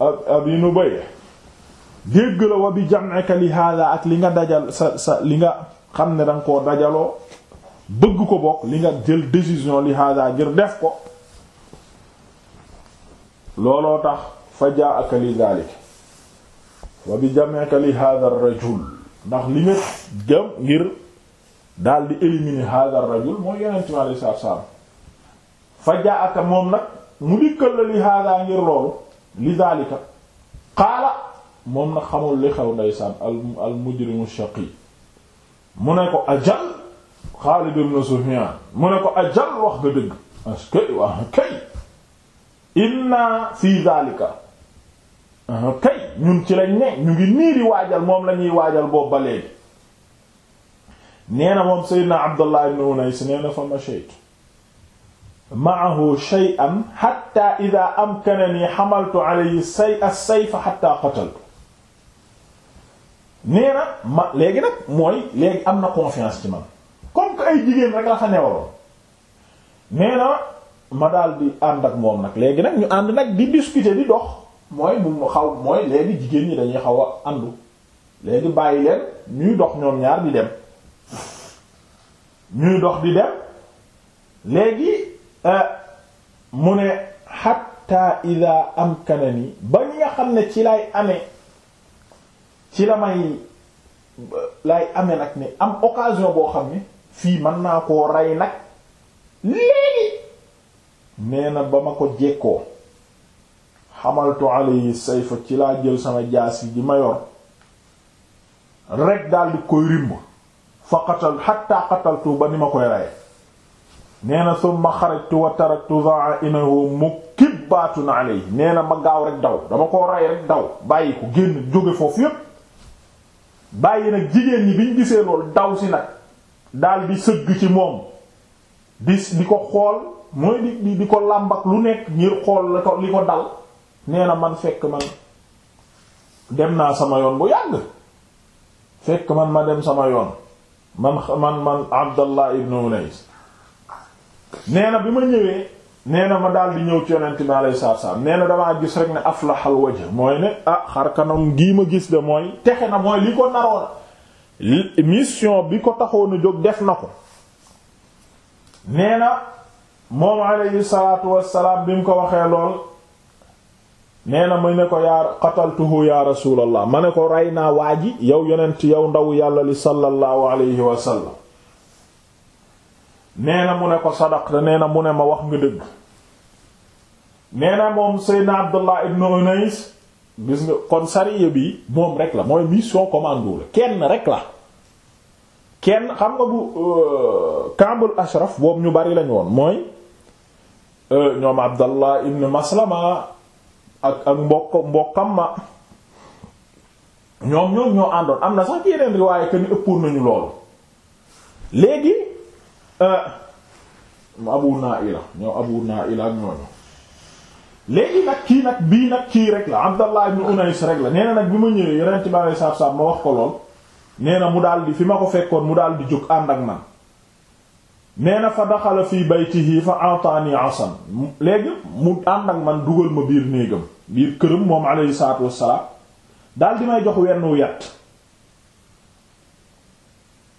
Abi Nubay dégg la wa bi jam'ika li hada ak li nga dajal sa sa li nga xam ne danga koo dajaloo bëgg ko bokk li nga jël décision li hada ngir def ko looloo tax fa jaaka li dalik wa bi jam'ika li hada rajul ndax li nga jëm ngir daal di éliminer hadha rajul mooy yonent mi alayhi salaatu salaam fa jaaka moom nag mu dikkal la li hadha ngir loolu li daalika qaala moom nag xamul li xew ndeysaan al mujrimu shaqi mu ne ko ajal Xaalid ibn Sufyaan mu ne ko ajal wax nga dëgg askay wax kay inna fi daalika kay ñun ci lañ ne ñu ngi nii di waajal moom lañuy waajal boobu ba léegi nee na moom seydna abdullah ibn unais nee na fa mashaytu maahu shay'an hatta idha amkanani hamaltu alayhi say a sayf hatta qataltu nee na ma léegi nag mooy léegi am na confiance ci man comme que ay jigéen rek la fa newaloon nee ma daal di ànd ak moom nag léegi nag ñu ànd nag di discuter di dox mooy mu xaw mooy léegi jigéen ñi dañuy xaw a àndu léegi bàyyi leen ñuy dox ñoom ñaar di dem ñuy dox di dem léegi euh, mu ne xatta am amkanani ba ñi nga xam ne ci lay amee ci la may euh, lay ame nag ni am occasion boo xam ne fii mën naa koo rey nag léegi nee na ba ma ko jekkoo xamaltu alayhi sayfa ci laa jël sama jaas yi ji ma yor rek daal di koy rimb fa qatal hatta qataltu ba ni ma koy rey nee na summa xarajtu wa taraktu za'inahu mukibbatun alayhi nee na ma gaaw rek daw dama koo rey rek daw bàyyi ko génn jóge foofu yépp bàyyi nag jigéen ñi biñ gisee lool daw si nag daal di sëgg ci moom di di ko xool mooy di di ko làmbak lu nekk ngir xool la ko li ko dal nee na man fekk man dem naa sama yoon bu yàgg fekk man ma dem sama yoon man man man Abdallah ibn Unays nee na bi ma ñëwee nee na ma daal di ñëw ci yonent bi alayhi salaam nee na damaa gis rek ne aflahal wajh mooy ne ah xar kanam gii ma gis de mooy texe na mooy li ko naroon mission bi ko taxoon a jóg def na ko nee na moom alayhi salaatu wassalaam bi mu ko waxee lool. nee na mu ne ko yaa qataltuhu ya rasulallah ma ne ko rey naa waa ji yow yonent yow ndaw yàlla li sallallahu alayhi wa sallam mu ne ko sadaqta nee na mu ne ma wax nga dëgg nee na moom seydna abdullah ibn unais gis nga kon sariya bi moom rek la mooy mission commando la kenn rek la kenn xam nga bu euh, kambul ashraf boobu ñu bari lañu woon mooy euh, ñoom abdallah ibn maslama ak ak mbokk mbokkam ma ñoom ñoom ñoo àndoon am na sax ci yeneen riwaaye que ni ëppoon nañu loolu léegi euh, abu naila ñoo abu naila ak ñooñu léegi nag kii nag bii nag kii rek la abdallah ibn unais rek la nee na nag bi ma ñëwee yonent bi alei satu ma wax ko lool nee na mu daal di fi ma ko fekkoon mu daal di jóg ànd ak man nee na fa daxala fii baytihi fa ataani asan léegi mu ànd ak man dugal ma biir néegam biir këram moom alayhi salaatu wassalaam daal di may jox wennu yat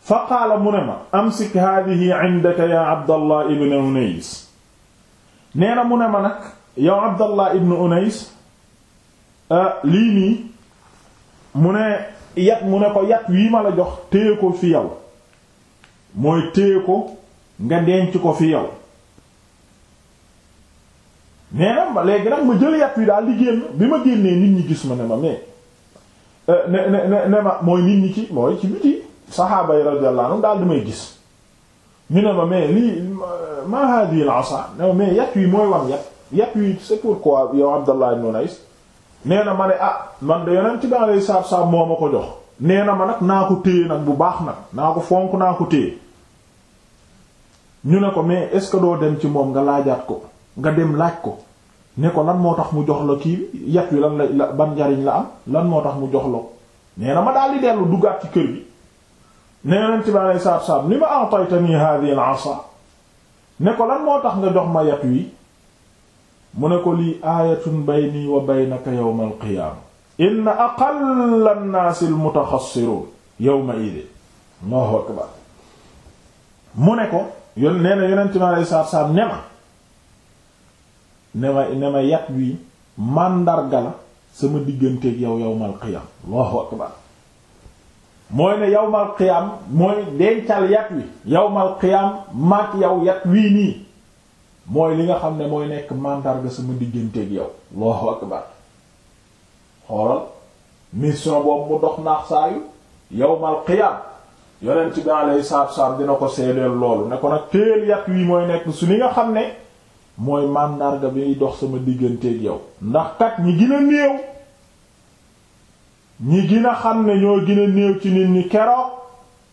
fa qaala mu ne ma amsik haadihi indaka mu ne ma yow abdallah ibn ah, lii mu ne yat ne yat wii ma la jox téye ko fi yow mooy téye ko nga denc ko fi yow nee na léegi nag ma jël yàpp yi daal di génn bi ma génnee nit ñi gis ma ne ma mais euh, ne ne ne ma mooy nit ñi ci mooy ci biti saxaaba yi radiyallahu daal di may gis ñu ne ma mais lii ma hadihi al-asa ne ma mais yàpp yi mooy wan yàpp yàpp yi c'est pourquoi yow Abdallah ibn Unais nee na ma ne ah man de yonent bi alayhi salaatu wa moo ma ko jox nee na ma nag naa ko téye nag bu baax nag naa ko fonk naa ko téye ñu ne ko mais est-ce que doo dem ci moom nga laajaat ko nga dem laaj ko ne ko lan moo tax mu jox la kii yat wi lan la ban njariñ la am lan moo tax mu jox la nee na ma daal di dellu duggaat ci kër gi nee nañ ci maanaam saab saab li ma a'taytani hadhihi al-'asa ne ko lan moo tax nga jox ma yat wi mu ne ko lii aayatun bayni wa baynaka yawma al-qiyaama inna aqalla an-naasi al-mutaxassiruun yawma idin Allahu akbar mu ne ko. yo nee na yonent mi aleyhi salaatu salaam ne ma ne ma ne ma yat wi màndarga la sama digganteeg yow yawmal qiyaam allahu akbar mooy ne yawmal qiyaam mooy dencal yat wi yawmal qiyaam maak yow yat wii nii mooy li nga xam ne mooy nekk màndarga sama digganteek yow allahu akbar xoolal mission boobu mu dox naax saayu yawmal qiyaam yonent bi alayhi salaatu salaam dina ko seedeel loolu ne ko nag téel yat wi mooy nekk su li nga xam ne mooy màndarga bi dox sama digganteeg yow ndax kat ñi gën a néew ñi gina xam ne ñooy gën a néew ci nit ñi keroog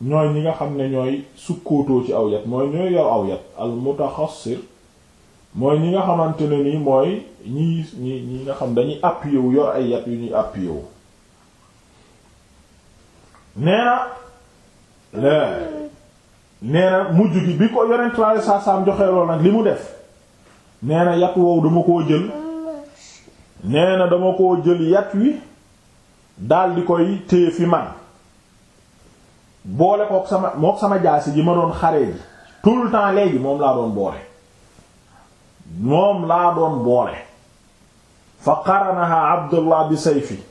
ñooy ñi nga xam ne ñooy sukkootoo ci aw yat mooy ñooy yor aw yat al mutaxassir mooy ñi nga xamante ne ni mooy ñi ñi ñi nga xam dañuy appuyé wu yor ay yat yu ñuy appuyé wu nee na nee na mujj gi bi ko yonent laale saasaam joxe lool nag li mu def nee na yat woow dama koo jël nee na dama koo jël yat wi daldi koy téye fi man boole kook sama mook sama jaasi ji ma doon xare ji tout le temps léegi moom laa doon boole moom laa doon boole fa qaranaha Abdullah bi sayfi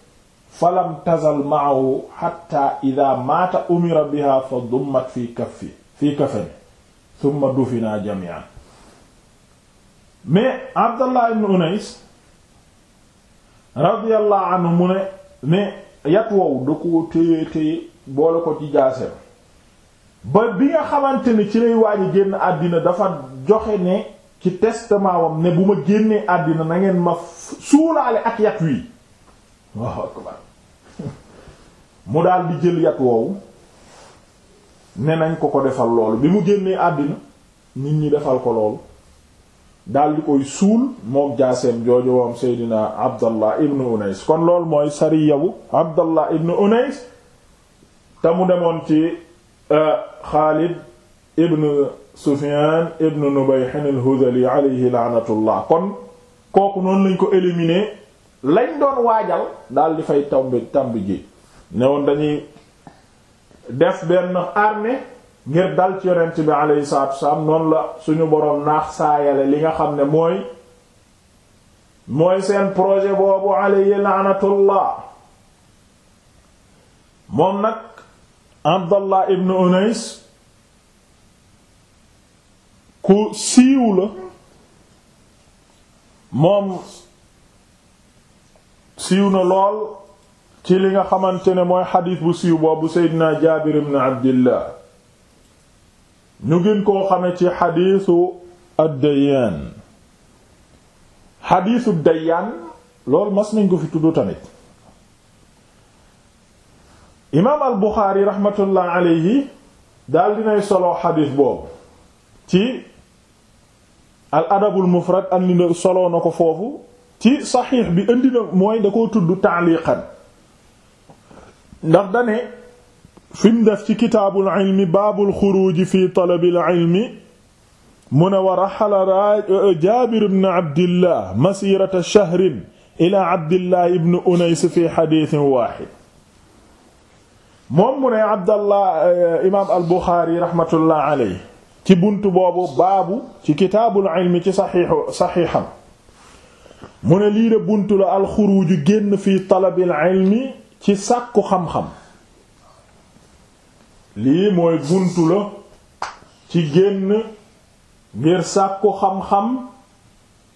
falam tazal maahu xatta ida maata umira biha fa dummat fi kaffi fi kafani thumma dufina jami'an mais abdallah ibn unais ne ne yat wow da ko téye téye boole ko ci jaasem ba bi nga xamante ni ci lay waaji génn àddina dafa joxe ne ci testament wam ne bu ma génnee àddina na ma suulaale ak yat wi waaw akbar mu daal di jël yat woowu ne nañ ko ko defal loolu bi mu génnee àddina nit ñi defal ko loolu daal di koy suul mook jaaseem jooju woom seydina abdallah ibnu unays kon loolu mooy sariyawu abdallah ibnu unays te mu demoon ci euh, xaalid ibnu sufyan ibnu nubayhin al-hudhali alayhi laanatullah kon kooku noonu lañ ko éliminé lañ doon waajal daal di fay tambi tambi ji ne woon dañuy def benn armée ngir dal ci yonent bi alayhi salaatu wasalaam noonu la suñu borom naax saayale li nga xam ne mooy mooy seen projet boobu alayhi laanatullah moom nag Abdallah ibn Unais ku siiw la moom siiw na lool ci li nga xamante ne mooy xadiis bu siiw boobu seydina jaabir ibn abdillah ñu gën koo xame ci xadiisu ad-dayyaan xadiisu dayyaan loolu mas nañ ko fi tudd tamit imaam al buxaari raxmatullah alayhi daal dinay solo xadiis boobu ci al adabul mufrad andi solo na ko foofu ci saxiix bi indi na mooy da ko tudd taaliqan ndax dane fi mu def ci kitaabul ilmi baabul xuruuji fi talabil ilmi mun ne wa raxala euh, jaabir ibn abdillah masirata shahrin ila abdillah ibn unays fi xadiisin waaxid moom mu ne abdallah euh, imaam al buxaari raxmatullah aley ci bunt boobu baabu ci kitaabul ilmi ci saxiixu mu ne lii de buntu la alxuruuju génn fii talabil ilmi ci sàkku xam-xam lii mooy buntu la ci génn ngir sàkku xam-xam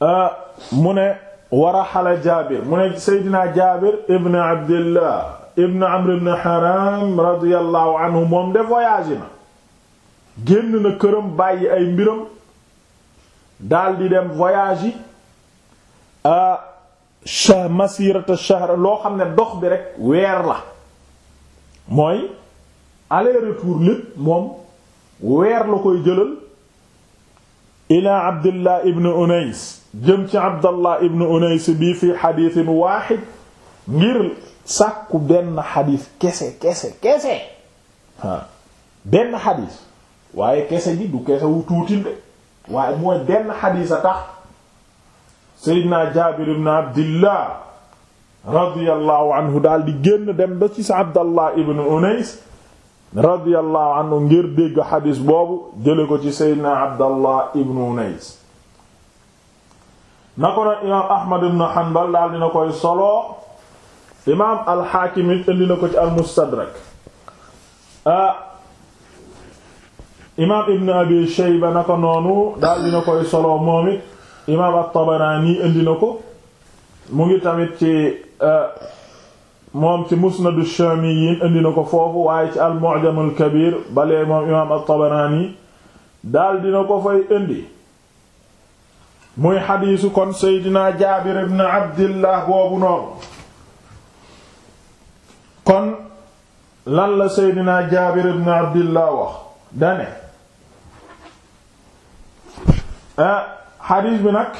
euh, mu ne waraxala jaabir mu ne seydinaa jaabir ibn abdillah ibn amr ibn haram radiyallahu anhu moom de voyage na génn na këram bàyyi ay mbiram daldi dem voyage yi shahr masirata shahr loo xam ne dox bi rek weer la mooy aller retour lépp moom weer la koy jëlal ila abdullah ibn unais jëm ci abdallah ibn unais bi fi xadiisin waaxid ngir sàkku benn xadiis kese kese kese benn xadiis waaye kese ji du kese wu tuutil de waaye mooy benn xadiis tax seydina jaabir ibn abdillah radiyallahu anhu daal di génn dem ba ci sa abdallah ibn unays anhu ngir dégg xadis boobu jële ko ci seydina abdallah ibn unays na imaam ahmad ibn hanbal daal dina koy solo imaam alxaakim it indi na almustadrak ah, imaam ibn abi shayba na ko daal dina koy solo moom imaam at-Tabarani indi ko mu ngi tamit ci euh, moom ci musnad ash-Shamiyin ko foofu waaye ci al-Mu'jam al-Kabir balee moom imaam at-Tabarani daal dina ko fay indi muy xadiisu kon Seydina Jaabir ibn Abdillah boobu noonu kon lan la Seydina Jaabir ibn Abdillah wax dane ah xadiis bi nag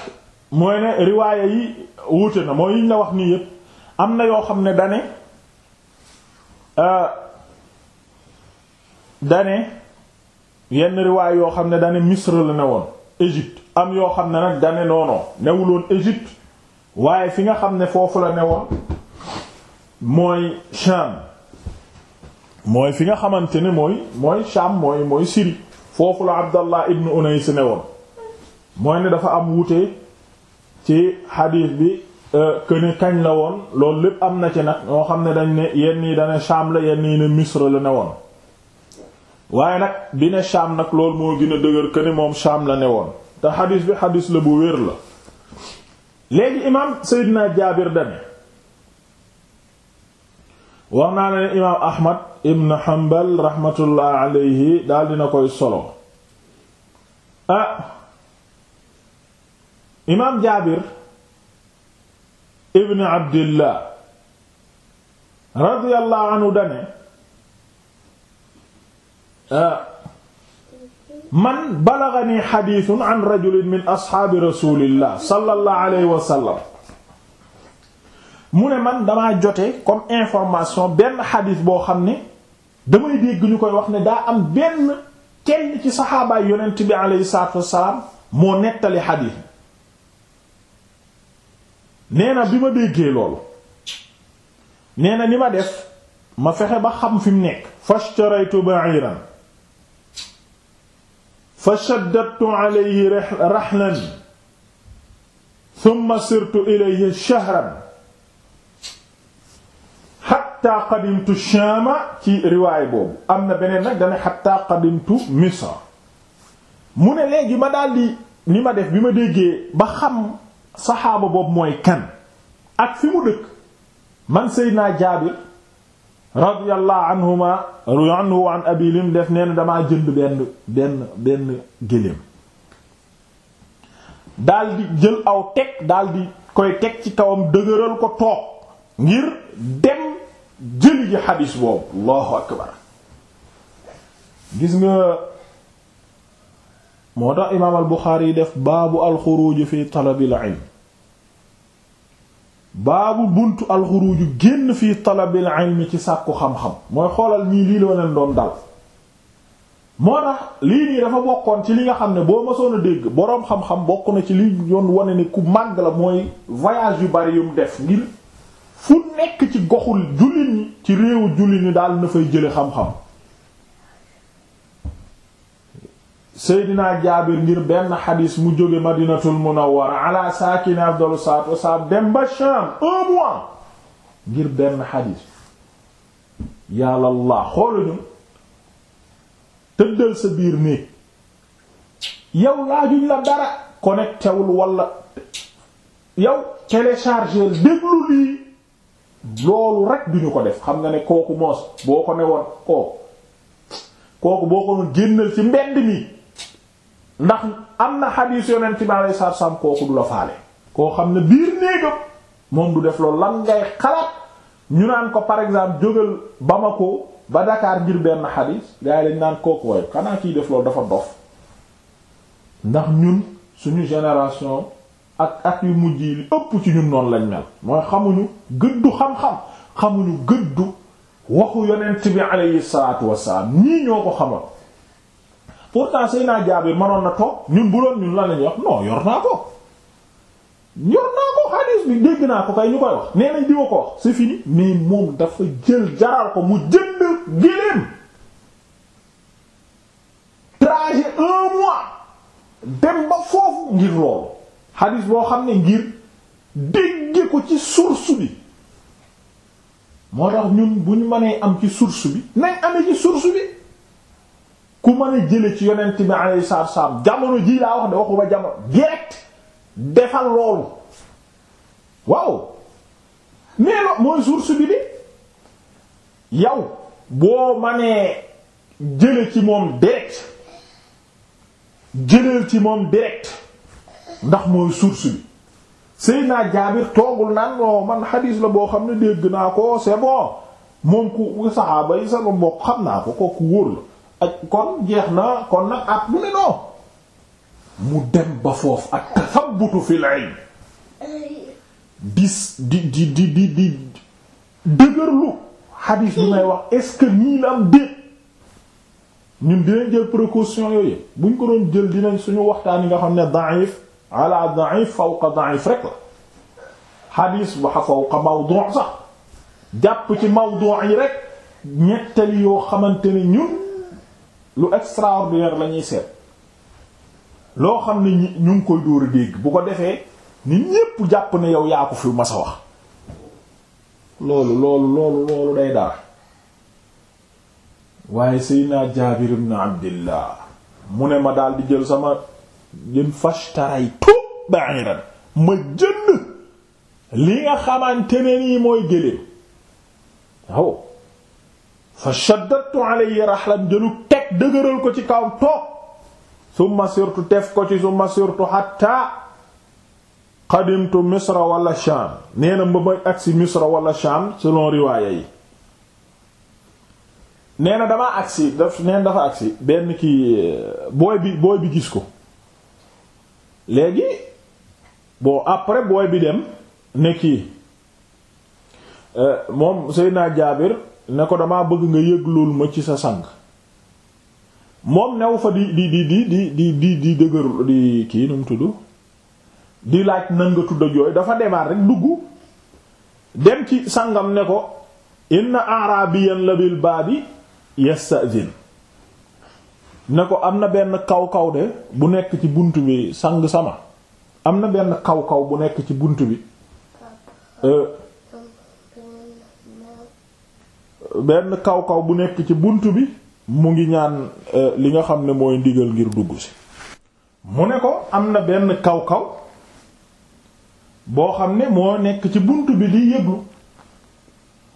mooy ne riwaaya yi wuute na mooy yiñ la wax nii yépp am na yoo xam ne dane euh, dane yenn riwaay yoo xam ne dane Misr la ne woon Égypte am yoo xam ne nag dane noonoo newuloon Égypte waaye fi nga xam ne foofu la ne woon mooy Sham mooy fi nga xamante ne mooy mooy Sham mooy mooy Syrie foofu la Abdallah ibn Unais ne woon mooy ne dafa am wuute ci xadiis bi këne euh, kañ la woon loolu lépp am na ci nag ñoo xam ne dañ ne yenn yi dane Sham la yenn yi ne Misra la ne woon waaye nag bi ne Sham nag loolu moo gën a dëgër këne moom Sham la ne woon te xadiis bi xadiis la bu wér la léegi imaam Seydina Jaabir dane wax naa ne imaam Ahmad ibn Hanbal rahmatullah alayhi dina koy solo ah, imaam jaabir ibn abdillah radiyallahu anhu dane ah, man balagani xadiisun an rajulin min asxaabi rasulillah sallallahu alayhi wa mu ne man damaa jote comme information benn xadiis boo xam ne damay dégg ñu koy wax ne daa am benn kenn ci saxaabaay yonent bi alayhi salaatu wassalaam moo nettali xadiis nee na bi ma déggee loolu nee na ni ma def ma fexe ba xam fi mu nekk fashtaraytu ba'iran fa shaddadtu alayhi rahlan thumma sirtu ilayhi shahran xatta qadimtu shaama ci riwaay boobu am na beneen nag dana xatta qadimtu misra mu ne léegi ma daldi ni ma def bi ma déggee ba xam saxaaba boobu mooy kan ak fi mu dëkk man Seydina Jaabir radiyallahu anhuma anhu an abi lim def nee na damaa jënd benn benn benn géléem daldi jël aw teg daldi koy teg ci kawam dëgëral ko toog ngir dem jëli ji xadiis boobu allahu akbar gis nga moo tax imaam al yi def baabu alxuruuju fi talabil ilm baabu buntu alxuruuju génn fi talabil ilm ci sàkku xam-xam mooy xoolal ñii lii la leen doon dal moo tax lii nii dafa bokkoon ci li nga xam ne boo mësoon a dégg boroom xam-xam bokk na ci li yoon wane ni ku màgg la mooy voyage yu bari yum def ngir fu nekk ci goxul jullit ñi ci réewu jullit ñi daal na fay jële xam-xam seydinaa jaabir ngir benn xadis mu jóge madinatul munawwara ala saakini afdalu salaatu wasalaam dem ba Sham un mois ngir benn xadis yàlla laa xooluñu tëddal sa biir néeg yow laajuñ la dara connecté wul wala yow télécharger déglu lii loolu rek duñu ko def xam nga ne kooku moos boo ko ne woon kooku kooku boo ko génnal ci mbedd mi ndax am na xadiis yonent bi alayhi salaatu salaam kooku du la faale koo xam ne biir néegam moom du def loolu lan ngay xalaat ñu naan ko par exemple jógal Bamako ba Dakar ngir benn xadiis gars yi dañ naan kooku waaye xanaa kiy def loolu dafa dof ndax ñun suñu génération ak at yu mujj yi li ëpp ci ñun noonu lañ mel mooy xamuñu gëddu xam-xam xamuñu gëddu waxu yonent bi alayhi salaatu wassalaam ñii ñoo ko xamal pourtant Seydina Jaabir manoon na toog ñun bu doon ñun la lañuy wax non yor naa ko yor naa ko xadiis bi dégg naa ko kay ñu koy wax nee nañ diwa ko wax c'est fini mais moom dafa jël jaral ko mu jënd géléem trajet un mois dem ba foofu ngir loolu xadiis boo xam ne ngir dégg ko ci source bi moo tax ñun bu ñu mënee am ci source bi nañ amee ci source bi ku mën a jële ci yonent bi alayhi salaatu wassalaam jamono ji laa wax ne waxuma jamono direct defal loolu waaw mais lo mooy source bi di yow boo manee jële ci moom direct jëleel ci moom direct ndax mooy source bi Seydina Jaabir toogul naan o oh, man xadiis la boo xam ne dégg naa ko c'est bon moom ku saxaaba yi sa mbokk xam naa ko kooku wóor la ak kon jeex na kon nag at mu ne non mu dem ba foofu ak tasabbutu fil ilm dis di di di di di dëgërlu xadiis bi may wax est-ce que nii la am déet ñun dinañ jël précaution yooyu buñ ko doon jël dinañ suñu waxtaan yi nga xam ne da'if ala da'if fawqa da'if rek la xadiis waxa fawqa mawdu' sax jàpp ci mawdu' yi rek ñettali yoo xamante ñun lu extraordinaire la ñuy seet loo xam ne ñu ngi koy dóor dégg bu ko defee ni ñépp jàpp ne yow yaa ko fi mas a wax loolu loolu loolu loolu day dara waaye Seydina Jaabir ibn Abdillah mu ne ma daal di jël sama jën fashtaray tub ba'iran ma jënd li nga xamante ne nii mooy géléem waaw fa shaddadtu alayhi rahlan jëlu teg teg dëgëral ko ci kaw toog summa surtout tef ko ci summa surtout hatta qadimtu misra walla sham nee na mbamay agsi misra wala sham selon riwaaya yi nee na damaa agsi daf nee dafa agsi benn ki booy bi booy bi gis ko léegi bon après booy bi dem ne kii euh, moom Seydina Jaabir ne ko damaa bëgg nga yëglul ma ci sa sang moom new fa di di di di di di di dëgër di kii nu mu tudd di laaj nan nga tudd yooyu dafa demaat rek dugg dem ci sangam ne ko inna arabiyan la bil baa baabi yasta'zin ne ko am na benn kaw kaw de bu nekk ci bunt bi sang sama am na benn kaw bu nekk ci bunt bi euh, benn kaw kaw bu nekk ci bunt bi mu ngi ñaan euh, li nga xam ne mooy ndigal ngir dugg si mu ne ko am na benn kaw kaw boo xam ne moo nekk ci bunt bi di yëglu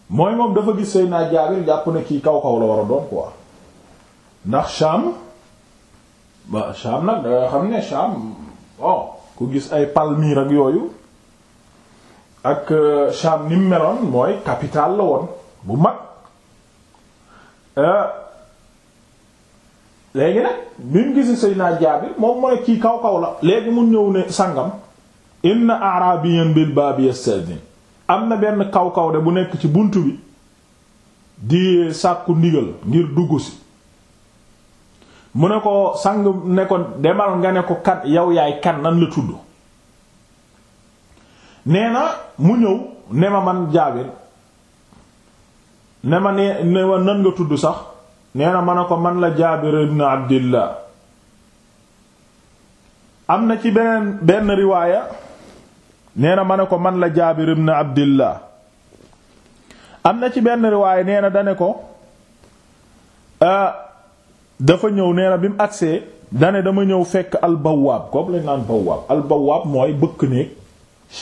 mooy moom dafa gis Seydina Jaabir jàpp ne kii kaw kaw la war a doon quoi ndax Sham ba Sham nag danga xam ne Sham oh ku gis ay palmiir ak yooyu ak euh, Sham ni mu meloon mooy capitale la woon bu mag. Euh, léegi nag bi mu gisi Seydina Jaabir moom mu ne kii kaw kaw la léegi mu ñëw ne sangam inna arabiyan bil baabi yastadin am na benn kaw kaw de bu nekk ci bunt bi di sàkku ndigal ngir dugg si mu ne ko sang ne ko demal nga ne ko kan yow yaay kan nan la tudd nee na mu ñëw ne ma man Jaabir ne ma ne ne ma nan nga tudd sax nee na ma ne ko man la jaabir ibn abdillah am na ci beneen benn riwaaya nee na ma ne ko man la jaabir ibn abdillah am na ci benn riwaaya neena dane ko ah, dafa ñëw nee bi mu agsee dane dama ñëw fekk albawaab kooku naan bawaab albawaab mooy bëkk néeg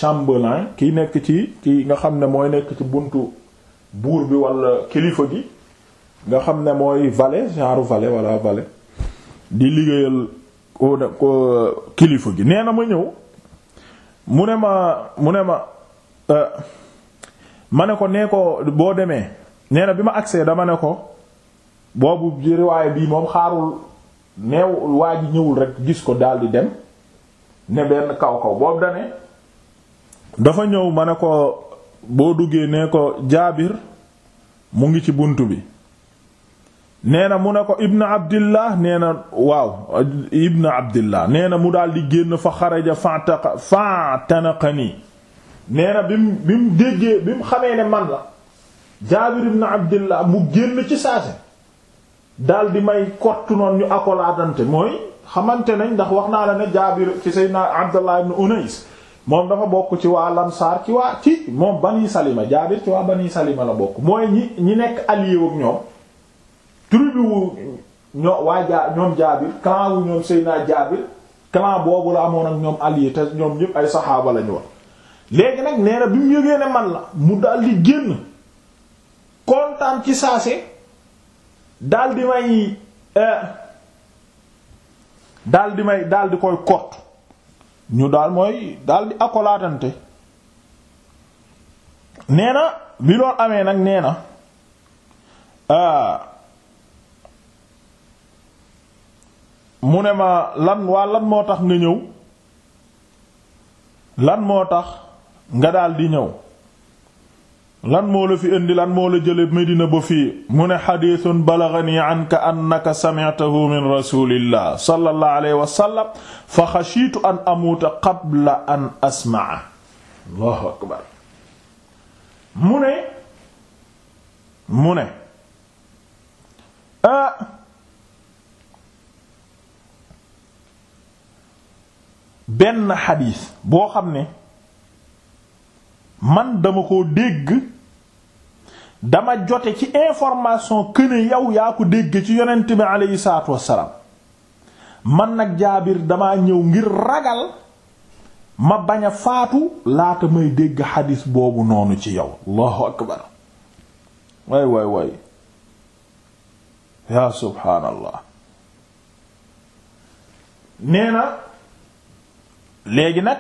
chambellan kiy nekk ci ki nga xam ne mooy nekk ci buntu buur bi walla kilifa gi nga xam ne mooy valet genre vale walla valet di liggéeyal ko ko kilifa gi nee na ma ñëw mu ne ma mu ne ma euh, ma ne ko nee ko boo demee nee bi ma agsee dama ne ko boobu riwaay bii moom xaarul neew waa ji ñëwul rek gis ko daldi dem ne benn kaw kaw boobu da dafa ñëw ma ne ko boo duggee nee ko jaabir mu ngi ci bunt bi nee na mu ne ko ibn abdillah nee na waaw ibn abdillah nee na mu daal di génn fa xaraja fataqa fatanaqani nee na bi mu bi mu déggee bi mu xamee ne man la jaabir ibn abdillah mu génn ci saase daal di may kott noonu ñu akolaadante mooy xamante nañ ndax wax naa la ne jaabir ci sayyidina abdullah ibn unais moom dafa bokk ci waa lansaar ci waa ci moom bani salima jaabir ci waa bani salima la bokk mooy ñi ñi nekk allié ak ñoom tribu wu ñoo waa jaa ñoom jaabir clan wu ñoom Seydina jaabir clan boobu la amoon ak ñoom allié te ñoom ñëpp ay saxaaba lañu wax léegi nag nee na bi mu yëgee ne man la mu daldi di génn kontaan ci saase daldi di may eh, dal may dal di koy kott ñu daal mooy dal di akolaatante nee na bi loolu amee nag nee na eh, mu ne ma lan waa lan moo tax nga ñëw lan moo tax nga daldi ñëw lan moo la fi indi lan moo la jële Medina ba fii mu ne xadiisun balaghani anka annaka sami'tahu min rasulillah sallallahu alayhi wa fa xashiitu an amuuta qabla an asma'a allahu akbar mu ne mu ne ah, benn xadiis boo xam ne man dama ko dégg dama jote ci information këne yow yaa ko dégg ci yonent bi aleyhi salaatu wassalaam man nag jaabir dama ñëw ngir ragal ma bañ a faatu laata may dégg xadiis boobu noonu ci yow allahu akbar waay waay waay yaa subhaanallah nee na léegi nag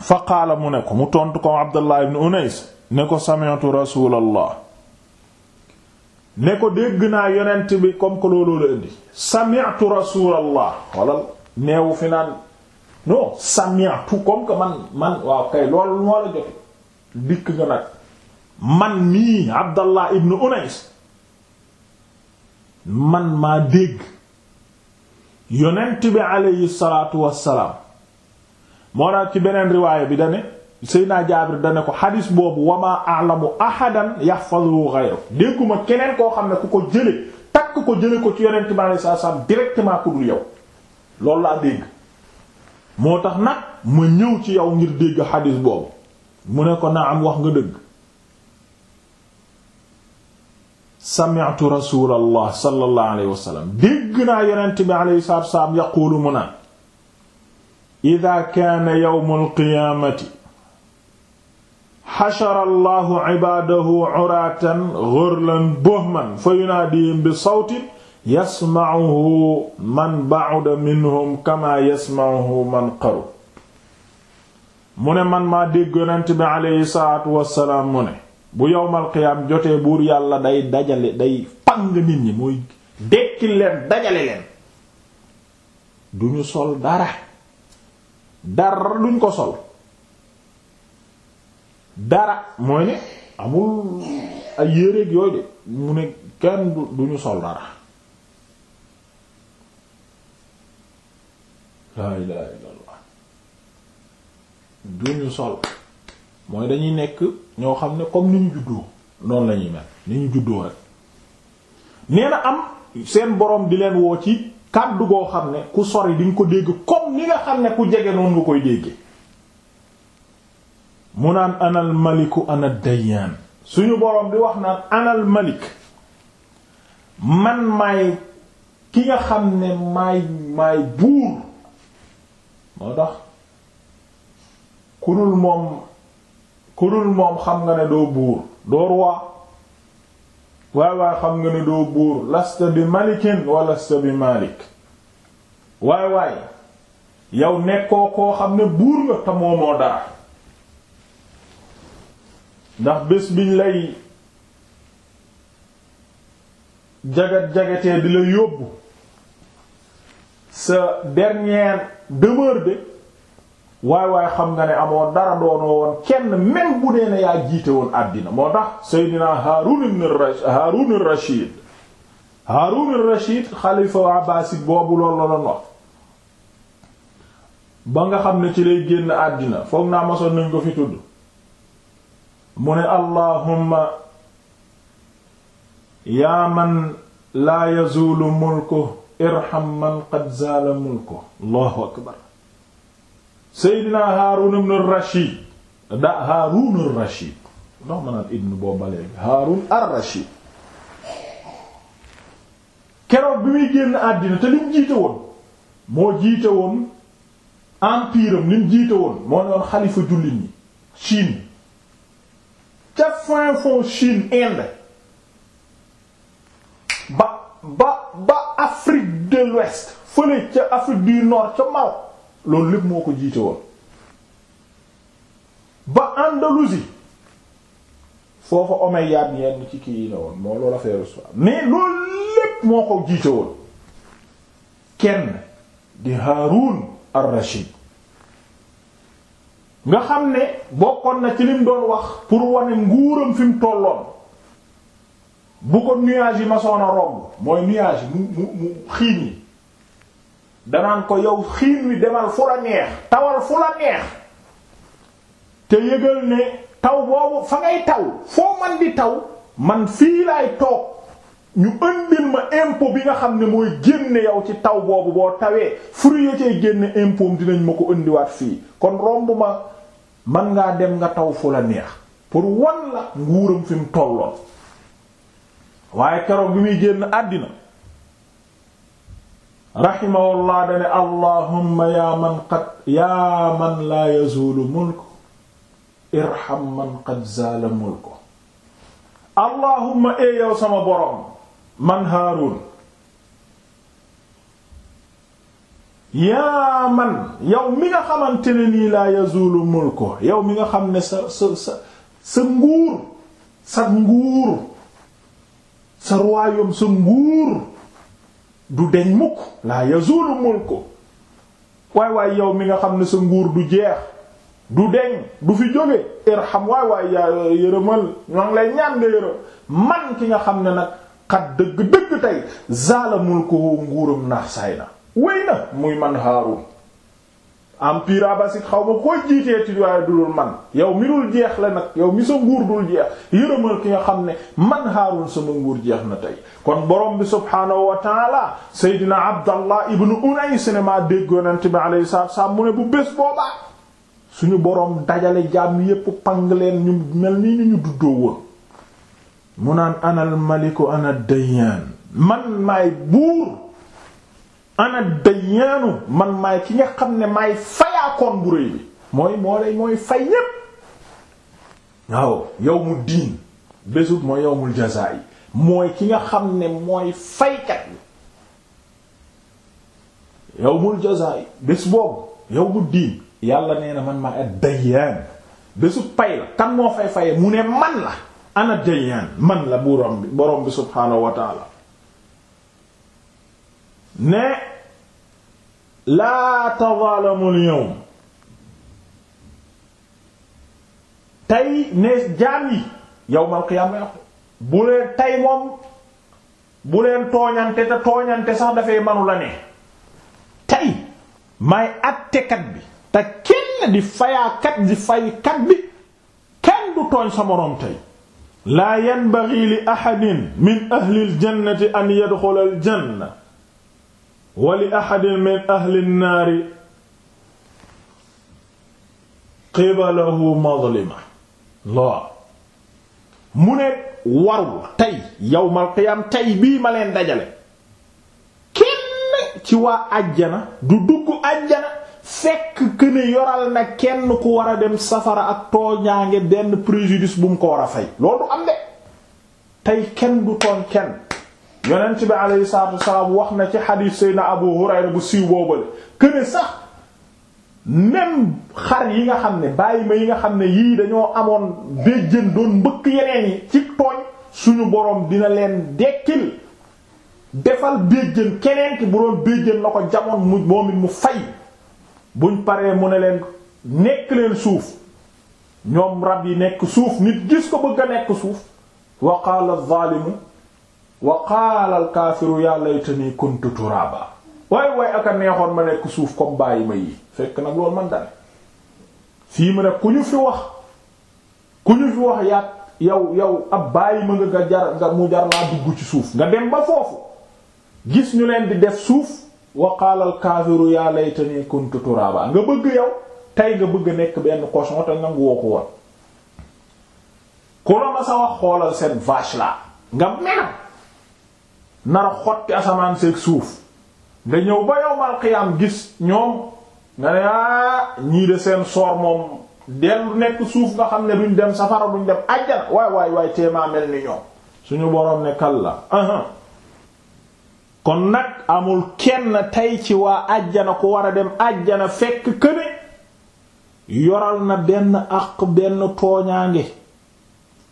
fa qaala mu ne ko mu tontu ko Abdallah ibn Unays ne ko sami'tu rasulallah ne ko dégg naa yonent bi comme que looloo la indi sami'tu rasulallah wala neewu fi naan non sami'tu comme que man man waaw kay loolu moo la jote dikk nga nag man mii Abdallah ibn Unays man maa dégg yonent bi aleyhi salaatu wassalaam moo tax ci beneen riwaaya bi dane naa Jaabir dane ko xadis boobu wama alamu ahadan yaxfazuhu ghayru dégguma keneen koo xam ne ku ko jële takk ko jële ko ci yonent bi aleyhi salaatu wassalaam directement ku dul yow loolu laa dégg moo tax nag ma ñëw ci yow ngir dégg xadis boobu mu ne ko am wax nga dëgg sami'tu rasulallah sallallahu alayhi wa sallam dégg naa yonent bi alayhi salaatu wa salaam yaquulu mu naan idaa kaana yawmul qiyaamati xashara allahu cibaadahu curaatan gurlan buhman fa yunaadihim bi sawtin yasmacuhu man bacuda minhum kama yasmacuhu man qarub mu ne man maa dégg yonent bi alayhi salaatu wa salaam mu ne bu yowmal qiyaam jotee buur yàlla day dajale day pang nit ñi mooy dekkil leen dajale leen du sol dara dara duñ ko sol dara mooy ne amul ay yéreeg yooyu de mu ne kenn du sol dara laa ilaaha illallaah duñu sol mooy dañuy nekk ñoo xam ne comme ni ñu juddoo noonu la ñuy mel ni ñu juddoo rek nee na am seen borom di leen woo ci kàddu goo xam ne ku sori di nga ko dégg comme ni nga xam ne ku jege noonu lu koy dégge mu naan anal maliku ana dayyaan suñu borom di wax naan anal malik man maay ki nga xam ne maay maay buur moo tax kurul moom ku dul moom xam nga ne doo buur doo roi waay waay xam nga ne doo buur lasta bi malikin wa lasta bi malik waay waay yow nekkoo koo xam ne buur nga te moomoo dara ndax bés biñ lay jagat-jagatee di la yóbbu sa dernière demeure de waay waaye xam nga ne amoo dara doonoo woon kenn même bu dee ne yaa jiite woon àddina moo tax Seydina Haarun ibn Haarun ar-Rashid Haarun ar-Rashid boobu loolu la doon wax ba nga xam ne ci lay génn àddina foog naa masoon nañ ko fi tudd mu ne allahumma yaa man laa yazulu mulku irham man qad zaala mulku allahu akbar Seydina Haarun ibn Rashid da Haarun Rashid ndox ma naan ibn boobu ba léegi Haarun rashid keroog bi muy génn àddina te li jiite woon moo jiite woon empire am jiite woon moo ne woon xalifa jullit ñi Chine ca fin fond Chine Inde ba ba ba Afrique de l'Ouest fële ca Afrique du Nord ca Maroc loolu lépp moo ko jiite woon ba Andalousie foofa Omeyyad yenn ci kii yi la woon moo loolu affaire histoire mais loolu lépp moo ko jiite woon kenn di Haarun ar-Rashid nga xam ne bokkoon na ci lim doon wax pour wane nguuram fi mu tolloon bu ko nuage yi ma soon a mooy nuage mu mu mu xiin yi danaan ko yow xiin wi demal fu la neex tawal fu la neex te yëgal ne taw boobu fa ngay taw foo man di taw man fii laay toog ñu ëndil ma impôt bi nga xam ne mooy génne yow ci taw boobu boo tawee fruit ya cay génne impôt dinañ ma ko indiwaat fii kon romb ma man ngaa dem nga taw fu la neex pour wan la nguuram fi mu tolloon waaye keroog bi muy génn àddina raximahullah dane allahumma yaa man qad yaa man laa yazuulu mulk irham man qad zaala mulk allahumma ee yow sama boroom man haarun yaa man yow mi nga xamante ne nii laa yazuulu mulk yow mi nga xam ne sa sa sa sa nguur sa nguur sa royaume sa nguur du deñ mukk laa yazulu mulku waay waay yow mi nga xam ne sa nguur du jeex du deñ du fi jóge irham waay waay ya yërëmal ñoo ngi lay ñaan nga yërëm man ki nga xam ne nag xat dëgg dëgg tey zaala mulkuhu nguuram naax saay na wéy na muy man Haarun empire abbasid xaw ma koo jiitee ci waaye dulul man yow mi dul jeex la nag yow mi sa nguur dul jeex yërëmal ki nga xam ne man haarun sama nguur jeex na tey kon borom bi subhaanahu wa taala seydina abdallah ibnu unays ne maa déggoonante bi alayhi salaatu salaam bu bés boobaa suñu borom dajale jaam yépp pang leen ñu mel nii ni ñu duddoo woon mu naan anal maliku ana dayyaan man maay buur ana dayyaanu man maay ki nga xam ne maay fayaakoon bu rëy bi mooy moo lay mooy fay ñépp waaw yawmu diin bésub mooy yawmul jazaa yi mooy ki nga xam ne mooy faykat yow yawmul jazaa yi bés boobu yawmu diin yàlla nee na man maay ad dayyaan bésub pay la kan moo fay faye mu ne man la ana dayyaan man la borom bi borom bi subhaanahu wa ne laa tazalamu al yawm tey ne jaam yi sax dafay manu la ne tey may àttekat bi te kenn di fayaakat di faykat bi kenn du tooñ sa moroom tey laa yanbaghi li ahadin min ahli al an yadxula al janna wa li ahadin min ahli nnaari qibalahu madlima laa mu ne warul tey yawmal qiyaam tey bii ma leen dajale kenn ci waa àjjana du dugg àjjana fekk këne yoral na kenn ku war a dem safara ak tooñaange benn préjudice bu mu ko war a fay lool du am de tey kenn du tooñ kenn yonent bi alayhi salaatu wasalaam wax na ci xadiis Seydina Abu Hurayra bu siiw boobale këne sax même xar yi nga xam ne bàyyi ma yi nga xam ne yii dañoo amoon béjjën doon mbëkk yeneen yi ci tooñ suñu boroom dina leen dekkil defal béjjën keneen ki bu doon béjjën la ko jamoon mu moom mu fay buñ paree mu ne leen nekk leen suuf ñoom rab yi nekk suuf nit gis ko bëgg a nekk suuf wa qaala az wa qaala al kaafiru yaa laytanii kuntu turaaba waay waay aka neexoon ma nekk suuf comme bàyyi ma yi fekk nag loolu man dane fii mu ne ku ñu fi wax ku ñu fi wax yàgg yow yow ab bàyyi ma nga jar mu jar laa dugg ci suuf nga dem ba foofu gis ñu leen di def suuf wa qaala al kaafiru yaa laytanii kuntu turaaba nga bëgg yow tey nga bëgg nekk benn cochon te nangu woo woon ku la ma sa wax xoolal seen vache la nga mel nar a xotti asamaan seeg suuf nga ñëw ba yowmal qiyaam gis ñoom nga ne ah ñii de seen soor moom dellu nekk suuf nga xam ne duñ dem safara duñ dem àjjana waay waay waay mel ni ñoom suñu boroom ne kal la kon nag amul kenn tey ci waa àjjana ku war a dem àjjana fekk këne yoral na benn àq benn tooñaange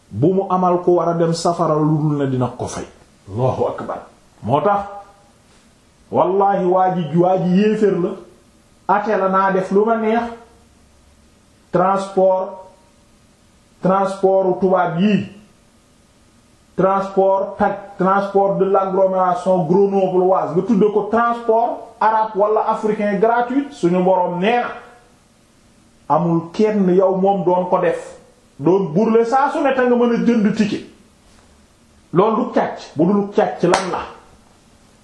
bu mu amal ku war a dem safara lu dul na dina ko fay allahu moo tax wallahi waa ji yéeféer la ate la naa def lu ma neex transport transport tubaab yii transport tak transport de l'agglomération grenobloise nga tudde ko transport arabe wala africain gratuit suñu boroom neex na amul kenn yow moom doon ko def doon burle saa su ne te nga mën a jënd ticket loolu du càcc bu dul càcc lan la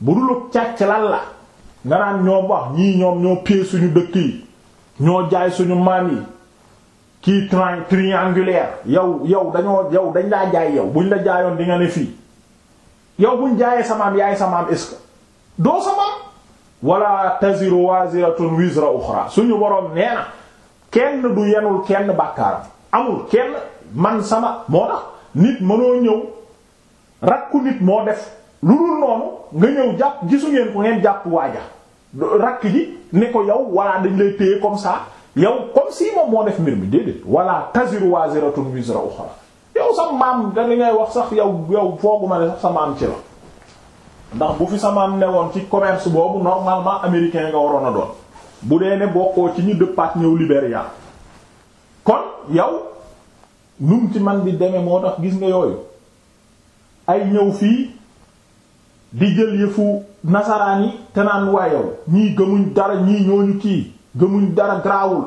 bu dul càcc lan la nga naan ñoom wax ñii ñoom ñoo pie suñu dëkk yi ñoo jaay suñu maam yi kii triangulaire yow yow dañoo yow dañ laa jaay yow buñ la jaayoon di nga ne fii yow buñ jaayee sa maam yaay sa maam est ce que doo sa maam wala taziru waziratun suñu boroom nee na kenn du yenul kenn bàkkaaram amul kenn man sama moo tax nit mënoo ñëw rakku nit moo def lu dul noonu nga ñëw jàpp gisu ngeen ko ngeen jàpp waaja rakk ji ne ko yow walla dañ lay téye comme ça yow comme si moom moo def mbir mi déedéet walla taziru waziratun wizra ukhra yow sa maam da li ngay wax sax yow yow foogu ma ne sax maam ci la ndax bu fi sa ne woon ci commerce boobu normalement américain nga waroon a doon bu dee ne bokkoo ci ñu dëppaat ñëw Libéria kon yow num ci man bi demee moo tax gis nga yooyu ay ñëw fii di jël yëfu nasaraan yi te naan waayow ñii gëmuñ dara ñii ñooñu kii gëmuñ dara garaawul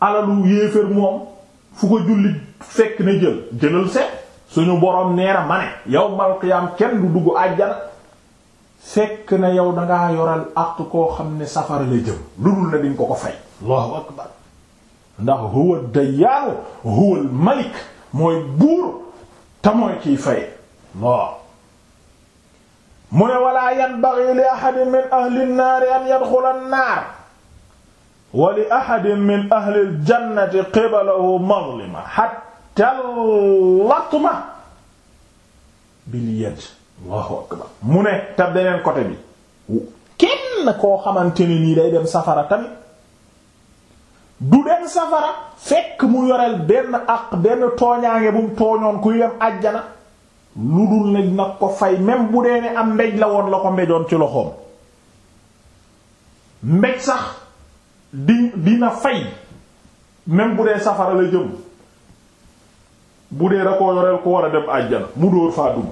alalu yéefér moom fu ko julli fekk na jël jëlal set suñu boroom neera ma ne yow malxiyaam kenn du dugg àjjana fekk na yow dangaa yoral àq koo xam ne safara la jëm lu dul na diñ ko ko fay ndax huwa dayyaaru huwa al malik mooy buur te mooy kiy fay non mu ne wala yanbaghi li ahadin min ahli naar an yadkhula an-naar wa min ahli jannati qiblahu mazlima hatta latma bil yad Allahu akbar mu ne te beneen côté bi kenn koo xamante ne nii day dem safara tamit du dem safara fekk mu yoreel benn ak benn tooñaange bu mu tooñoon kuy dem àjjana lu dul ne nag ko fay même bu dee ne am mbéj la woon la ko mbéjoon ci loxoom mbéj sax di dina fay même bu dee safara la jëm bu dee da koo ko war a dem àjjana mu dóor faa dugg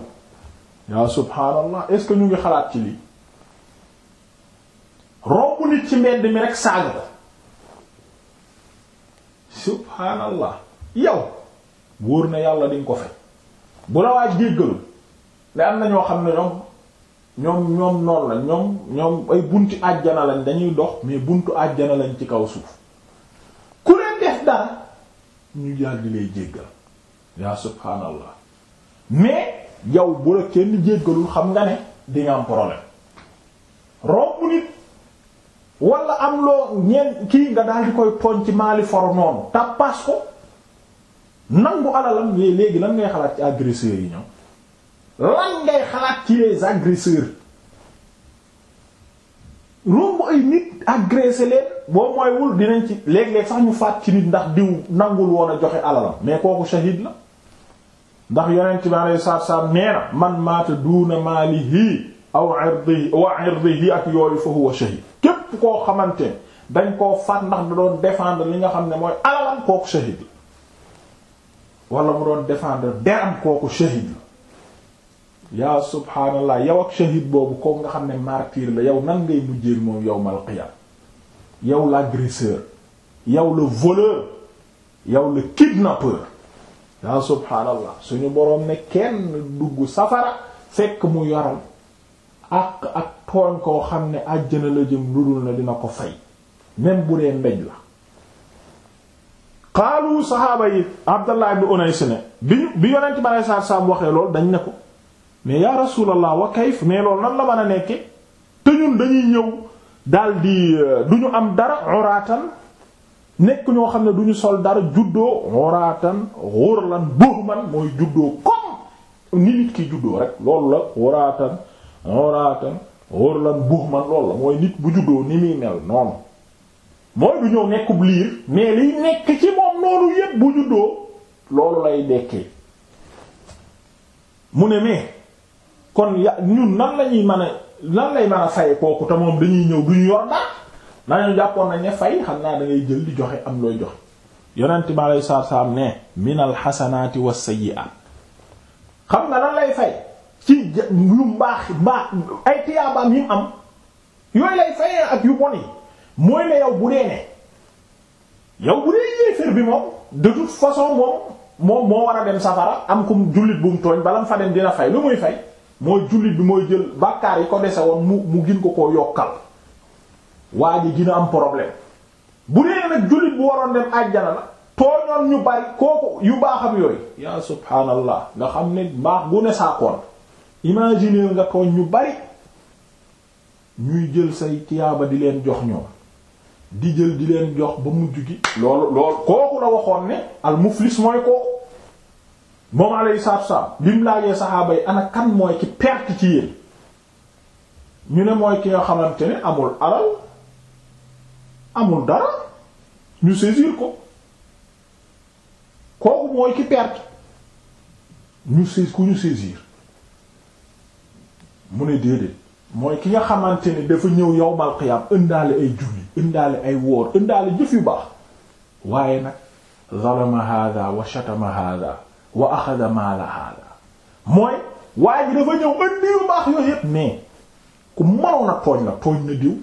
yaa subhaanallah est ñu ngi xalaat ci lii romb nit ci mbedd mi rek saaga ko subhaanallah yow wóor na yàlla dinga ko fekk bu la waaj jéggalu da am na ñoo xam ne ñoom ñoom ñoom noonu la ñoom ñoom ay bunti àjjana lañ dañuy dox mais buntu àjjana lañ ci kaw suuf ku leen def dara ñu yàgg lay jéggal yaa subhaanallah mais yow bu la kenn jéggalul xam nga ne di am problème romb nit wala am loo kii nga daal di koy tooñ ci maali for noonu tappas ko nangu alalam léegi lan ngay xalaat ci agresseurs yi ñoom lan ngay xalaat ci les agresseurs romb ay nit agressé leen boo mooy wul dinañ ci léeg-léeg sax ñu faat ci nit ndax diw nangul woon a joxe alalam mais kooku shahid la ndax yonent bi alayhi salaatu wassalaam nee na man maata duuna maalihi aw irdihi wa ak yooyu fa huwa shahid képp koo xamante dañ koo faat ndax da doon défendre li nga xam ne mooy alalam kooku shahid la wala mu doon défendre deram kooku shahid la yaa subhaanallah yow ak shahid boobu kooku nga xam ne martyr la yow nan ngay mujjeel moom yawmal qiyaam yow l'agresseur yow le voleur yow le kidnappeur yaa subhaanallah suñu boroom ne kenn dugg safara fekk mu yoral ak ak tooñ koo xam ne àjjana la jëm lu dul na dina ko fay même bu dee mbej la xaalu saxaaba yi Abdallah ibn Unays ne bi bi yonent bi aleyhi salaatu salaam waxee loolu dañ ne ko mais yaa rasulallah wa kayf mais loolu nan la mën a nekke te ñun dañuy ñëw daal di euh, du ñu am dara oraatan nekk ñoo xam ne du ñu sol dara juddoo oraatan xóoralan buhman mooy juddoo comme ni nit ki juddoo rek loolu la oraatan oraatan xóoralan buhman loolu la mooy nit bu juddoo ni muy mel noonu mooy du ñëw nekkub liir mais liy nekk ci moom noonu yépp bu juddoo loolu lay dekkee mu ne mais kon ya ñun nan lañuy mën a nan lay mën a fay kooku te moom dañuy ñëw duñu yor ndax nañu jàppoon nañ ne fay xam naa da jël di joxe am looy joxe yonent mi aleyhi salaatu salaam ne minal xasanaati was sayyi'aat xam nga nan lay fay ci yu mbaax mbaax ay tiyaabaam yi am yooyu lay fayee ak yu bon mooy ne yow bu dee ne yow bu dee yéeféer bi moom de toute façon moom moom moo war a dem safara am kum jullit bu mu tooñ bala mu fa dem dina fay lu muy fay moo jullit bi mooy jël bàkkaar yi ko dese woon mu mu gin ko koo yokkal waa ji gina am problème bu ne nag jullit bu waroon dem àjjana la tooñoon ñu bari kooku yu baaxam yooyu yaa subhaanallah nga xam ne baax gu ne saakoon imaginer nga tooñ ñu bari ñuy jël say tiyaaba di leen jox ñoom di jël di leen jox ba mujj gi loolu loolu kooku la waxoon ne al muflis mooy kooku moom alayhi salaatu salaam bi mu laajee saxaaba yi ana kan mooy ki perte ci yéen ñu ne mooy ki nga xamante ne amul alal amul dara ñu saisir ko kooku mooy ki perte ñu saisir ku ñu saisir mu ne déedéet mooy ki nga xamante ni dafa ñëw yowmal qiyaam ëndaale ay julli ëndaale ay woor ëndaale jëf yu baax waaye nag zalama hada wa shatama hada wa waaye ji dafa ñëw ëndi yu baax yooyu yépp mais ku maroon a tooñ la tooñ na diw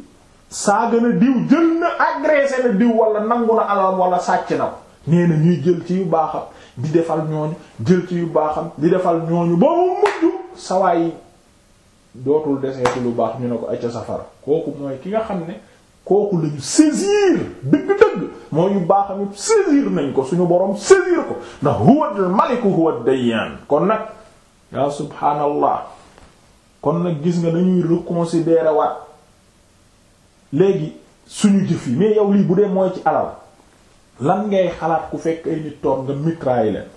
saaga na diw jël na agressé na diw wala nangu na alal wala sàcc na ko nee na ñuy jël ci yu baaxam di defal ñooñu jël ci yu baaxam di defal ñooñu ba mu mujj sawaay dootul deseeti lu baax ñu ne ko acca safara kooku mooy ki nga xam ne kooku lañu saisir dëgg-dëgg mooy yu baax am saisir nañ ko suñu borom saisir ko ndax huwal maliku huwad dayyaan kon nag yaa subhaanallah kon nag gis nga dañuy reconsidérer waat léegi suñu jëf yi mais yow lii bu dee mooy ci alal lan ngay xalaat ku fekk ay nit toog nga mitrailler leen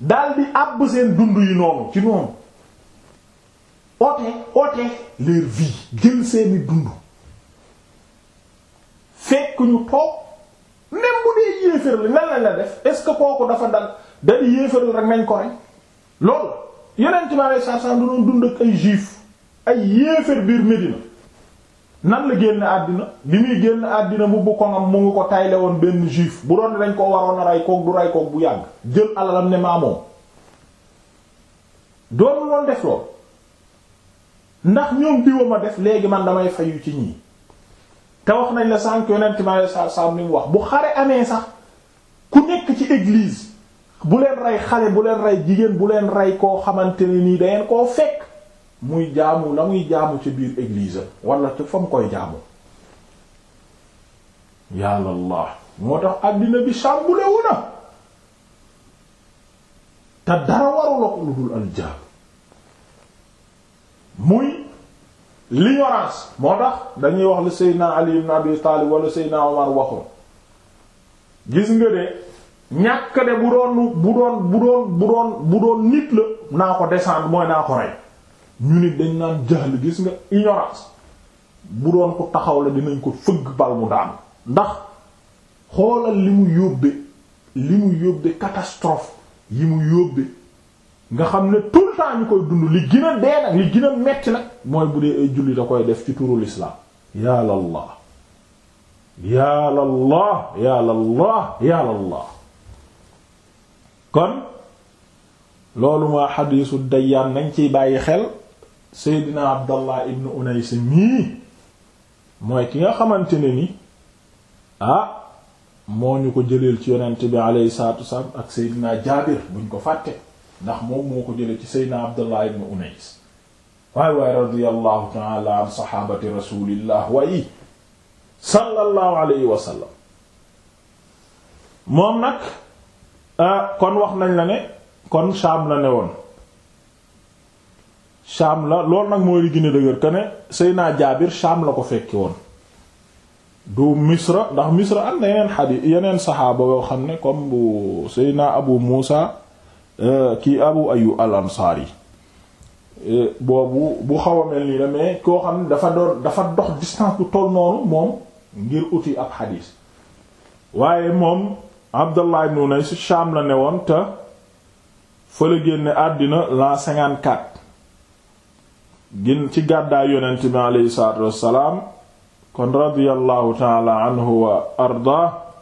daal di àbb seen dund yi noonu ci noonu ôter ôter leur vie jël seeni dund fekk ñu toog même bu dee yéefar li nan lañ la def est ce que kooku dafa dal da di yéefar rek nañ ko rek loolu yeneen ci maanaam saa du doon dund ak ay juif ay yéefar biir Medina nan la génn àddina bi muy génn àddina bu bu koŋam mu ngi ko tayle woon benn juif bu doon dañ ko waroon a rey du rey bu yàgg jël alalam ne maamoom doon loolu def loolu. ndax ñoom diwa def léegi man damay fayu ci ñii te wax nañ la sànq yonent ma lay sa sam mu wax bu xare amee sax ku nekk ci église bu leen rey xale bu leen rey jigéen bu leen rey koo xamante ne nii dangeen koo fekk muy jaamu la muy jaamu ci biir église walla ci fa mu koy jaamu yàlla allah moo tax àddina bi chamboulé wu na te dara warul ak lu dul aljaab muy l'ignorance moo tax dañuy wax le Seydina Ali ibn Abi Talib wala Seydina Omar waxoon gis nga de ñàkk de bu doon bu doon bu doon bu doon bu doon nit la naa ko descendre mooy naa ko rey ñu nit dañ naan jahl gis nga ignorance bu doon ko taxaw la dinañ ko fëgg bal mu daanu ndax xoolal li mu yóbbe li mu yóbbe catastrophe yi mu yóbbe nga xam ne tout le temps ñu koy dund li gën a nag li gën metti nag mooy bu dee ay julli da koy def ci turu lislaam yaa lallah yaa lallah yaa lallah yaa kon loolu maa xadiisu dayyaan nañ ciy bàyyi xel seydina abdallah ibnu unays mii mooy ki nga xamante ne ni ah moo ñu ko jëleel ci yonent bi alayhi ak seydina jaabir buñ ko fàtte ndax moom moo ko jële ci seydna abdullah ibn unais waay waay radiyallahu taala an saxaabati rasulillah wayi sallallahu alayhi wa sallam moom nag ah, kon wax nañ la ne kon Shaam la ne woon Shaam la loolu nag mooy li gën a dëgër que ne Seydina Jaabir Shaam la ko fekki woon du Misra ndax Misra am na yeneen xadiis yeneen saxaaba yoo xam ne comme bu Seydina Abu Muusa Euh, kii Abu Ayyub al-Ansari euh, boobu bu xaw mel nii la mais koo xam dafa dox distance bu moom ngir uti ab xadiis waaye moom Abdallah ibn Unais Shaam la ne woon te fa la génne àddina l'an 54 gin ci gàddaay yonent bi aleyhi salaatu kon radiyallahu taala anhu wa arda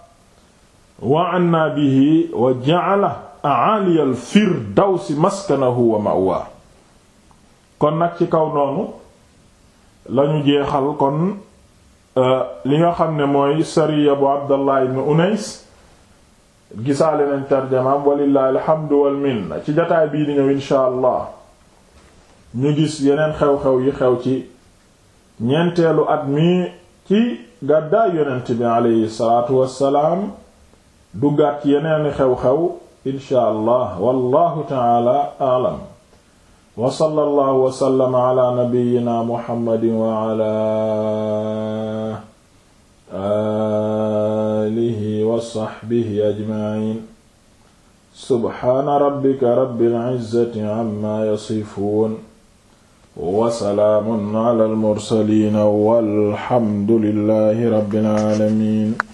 wa anna bihi wa ja'ala aaliyal firdawsi maskanahu wa ma'wa kon nag ci kaw noonu lañu jeexal kon euh, li nga xam ne mooy sariya bu abdallah ibn unays gisaale nañ tarjamaam walillahi alhamdu wal ci jataay bii di ñëw insha allah ñu gis yeneen xew-xew yi xew ci ñeenteelu at mi ci gàddaay yonent bi aleyhi salaatu wassalaam duggaat yeneeni xew-xew insha allah wallahu taala aalam wa sallallahu wa sallama ala nabiyyina muhammadin wa ala alihi wa sahbihi ajma'in subhaana rabbika rabbil izzati amma yasifun wa salaamun ala al mursaliin walhamdulillahi rabbil aalamiin